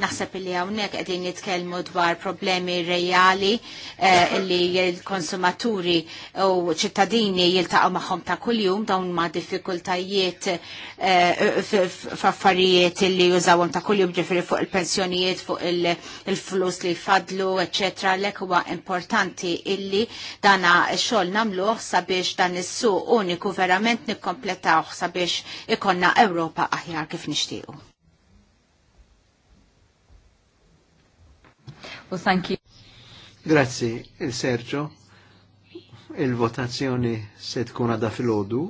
Naħseb li hawnhekk qegħdin nitkellmu dwar problemi reali eh, li l-konsumaturi u ċittadini jiltaqgħu magħhom ta' kuljum dawn ma' diffikultajiet eh, f'affarijiet li jużawhom ta' kuljum ġifieri fuq il-pensjonijiet, fuq il-flus li jfadlu, eċċetra, lek huwa importanti illi dana xogħol nagħmluh sabiex dan is-suq uniku verament verament nikkompletaw sabiex ikonna Ewropa aħjar kif nixtiequ. thank you. Grazzi, il Sergio. Il-votazzjoni se tkun għada fil-ħodu,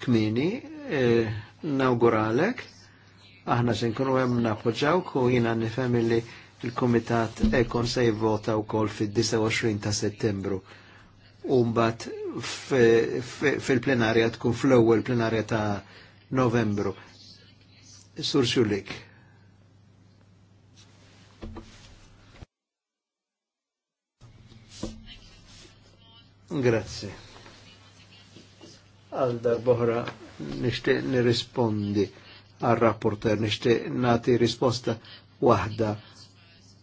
kmini, e, nawguralek, aħna se nkunu hemm napoġaw, u jiena nifhem li il-Kumitat Ekon se jivvota wkoll fid-29 ta' Settembru umbat fil-plenarja tkun fl-ewwel plenarja ta' Novembru. Sur xulik. Grazie. Għal darbohra nishtiq nirrispondi għal rapporter, nishtiq nati risposta wahda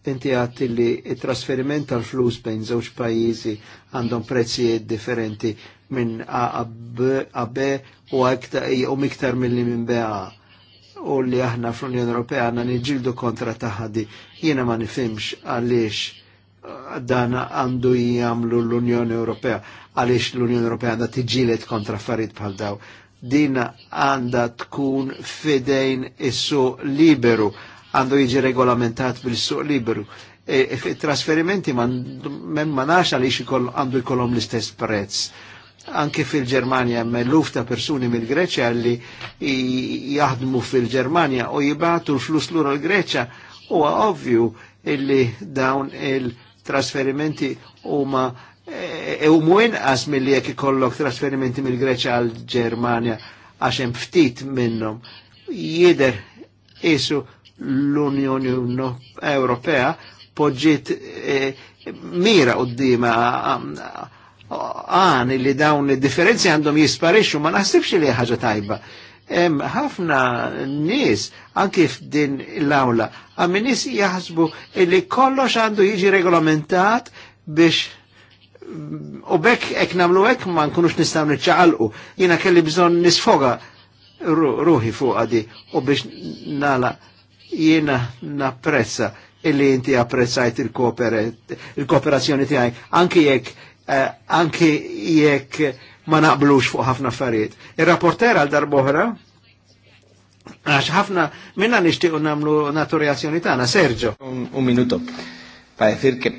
inti għatti li il-trasferiment tal-flus bejn żewġ pajjiżi għandhom prezzijiet differenti minn A a B u u miktar mill-li minn B A u li aħna fl-Unjoni Ewropea għanna niġildu kontra taħadi. Jiena ma nifhimx għaliex eh, dan għandu jgħamlu l-Unjoni Ewropea għaliex l-Unjoni Ewropea għandha tiġilet kontra Farid bħal daw. Din għandha tkun fidejn issu liberu għandu jiġi regolamentat bil-suq liberu. E, e, trasferimenti man ma nax għalix għandu jkollhom l-istess prezz. Anke fil-Germania melluf ta' persuni mill-Greċja li jaħdmu fil-Germania u jibatu l-flus lura l-Greċja huwa ovvju illi dawn il-trasferimenti huma e, e u as mill-li jek ikollok trasferimenti mill-Greċja għal-Germania għaxem ftit minnhom. Jider isu l-Unjoni Ewropea poġġiet e, mira u qoddima għan li dawn differenzi għandhom jisparixu, ma naħsibx li ħaġa tajba. Hemm ħafna nies anki f'din l-awla għam nies jaħsbu li kollox għandu jiġi regolamentat biex u bekk ek namlu ek ma nkunux nistaw nitċaqalqu. Jina kelli bżon nisfoga ruħi fuq għadi u biex nala jiena napprezza illi inti apprezzajt il-kooperazzjoni il tiegħi anki jekk eh, anki jekk ma naqblux fuq ħafna affarijiet. Ir-rapporter għal darboħra għax ħafna minna nixtiequ nagħmlu naturjazzjoni tagħna, Sergio. Un, un minuto. Pajesir ke.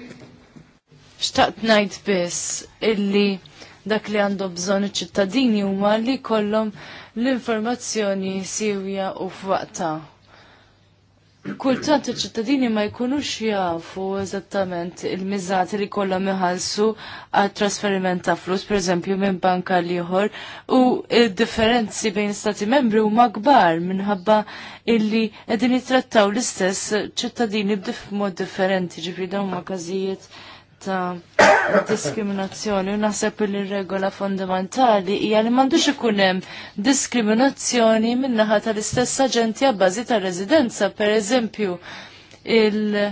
Xtaqt ngħid biss illi dak li għandu bżonn iċ-ċittadini huma li kollhom l-informazzjoni siwja u f'waqta kultant il-ċittadini ma jkunux jafu eżattament il-mizzati li kollha iħallsu għat trasferiment ta' flus, per eżempju, minn banka liħor, u il-differenzi bejn stati membri huma kbar minħabba illi qegħdin jitrattaw l-istess ċittadini b'mod differenti, ġifri dawn ma' każijiet ta' diskriminazzjoni. Naħseb li regola fondamentali hija li m'għandux ikun hemm diskriminazzjoni min-naħa tal-istess aġenti għabbażi ta' residenza, per eżempju, il-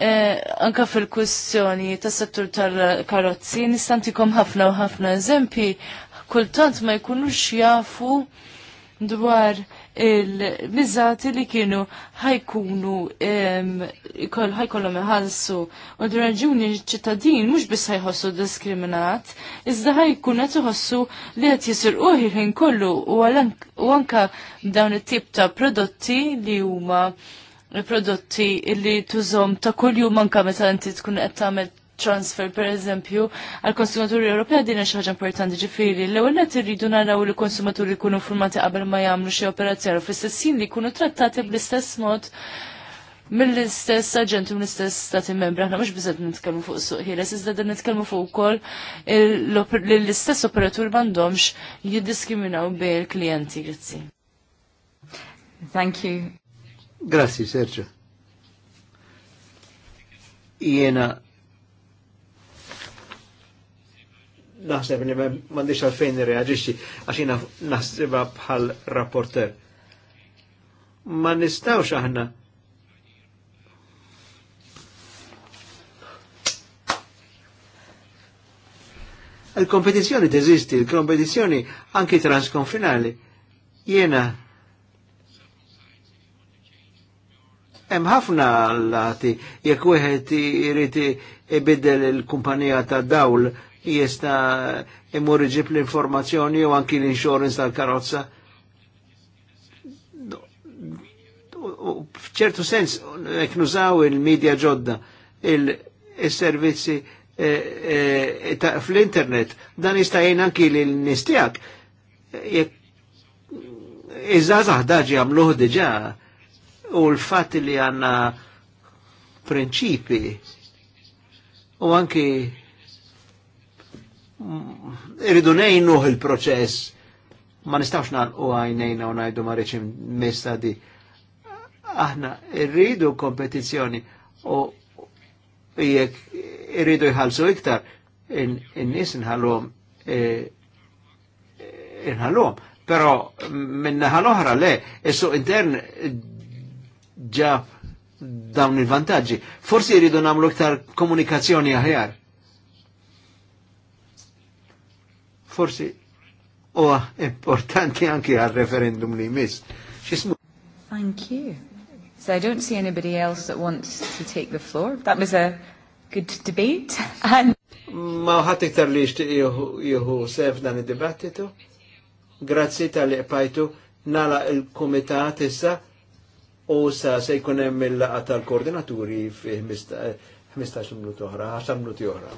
eh, anka fil-kwistjoni ta' settur tal-karozzi, nistantikom ħafna u ħafna eżempi, kultant ma jkunux jafu dwar il-mizzati li kienu ħajkunu ħajkollhom iħallsu u d raġuni ċittadin mhux biss ħajħossu diskriminat, iżda ħajkun qed iħossu li qed jisirqu ħin kollu u anka dawn it-tip ta' prodotti li huma prodotti li tużom ta' kuljum anka meta inti tkun qed tagħmel transfer per eżempju għal konsumaturi Ewropea din xi ħaġa importanti ġifieri. L-ewwel qed irridu naraw li konsumaturi jkunu informati qabel ma jagħmlu xi operazzjoni fl-istessin li jkunu trattati bl-istess mod mill-istess aġent u mill-istess stati membri, aħna mhux biżed nitkellmu fuq suq ħieles, iżda dan nitkellmu fuq ukoll l-istess operatur m'għandhomx jiddiskriminaw bejn il-klijenti. Grazzi. Thank you. Grazzi, Sergio. Jiena naħseb li m'għandix għalfejn irreaġixxi għax jiena naħsibha bħal rapporter. Ma nistgħux aħna Il-kompetizjoni teżisti, il-kompetizjoni anki transkonfinali. Jena hemm ħafna lati jekk wieħed irid ibiddel il-kumpanija ta' dawl jista imur iġib l-informazzjoni u anki l-insurance tal-karozza. F'ċertu sens, eknużaw il-medja ġodda, il-servizzi e, e, e, fl-internet, dan jista' jgħin anki l-nistijak. Iżazah daġi għamluħ diġa u l-fat li għanna prinċipi u anki irridu nejnuh il-proċess ma nistawx u għajnejna u najdu ma reċim mesta di. Aħna irridu kompetizjoni u jek irridu jħalsu iktar, in-nis in nħallom e, Pero minna ħal-ohra le, issu intern ġab dawn il-vantagġi. Forsi jridu namlu iktar komunikazzjoni aħjar. forsi huwa importanti anki għal referendum li jmiss. Xismu. Thank you. So I don't see anybody else that wants to take the floor. That was a good debate. And... Ma ħat iktar li jieħu sef dan id-dibattitu. Grazzi tal-li qbajtu nala il-komitat issa u sa se jkun hemm il-laqa tal-koordinaturi fi 15 minuti oħra, 10 minuti oħra.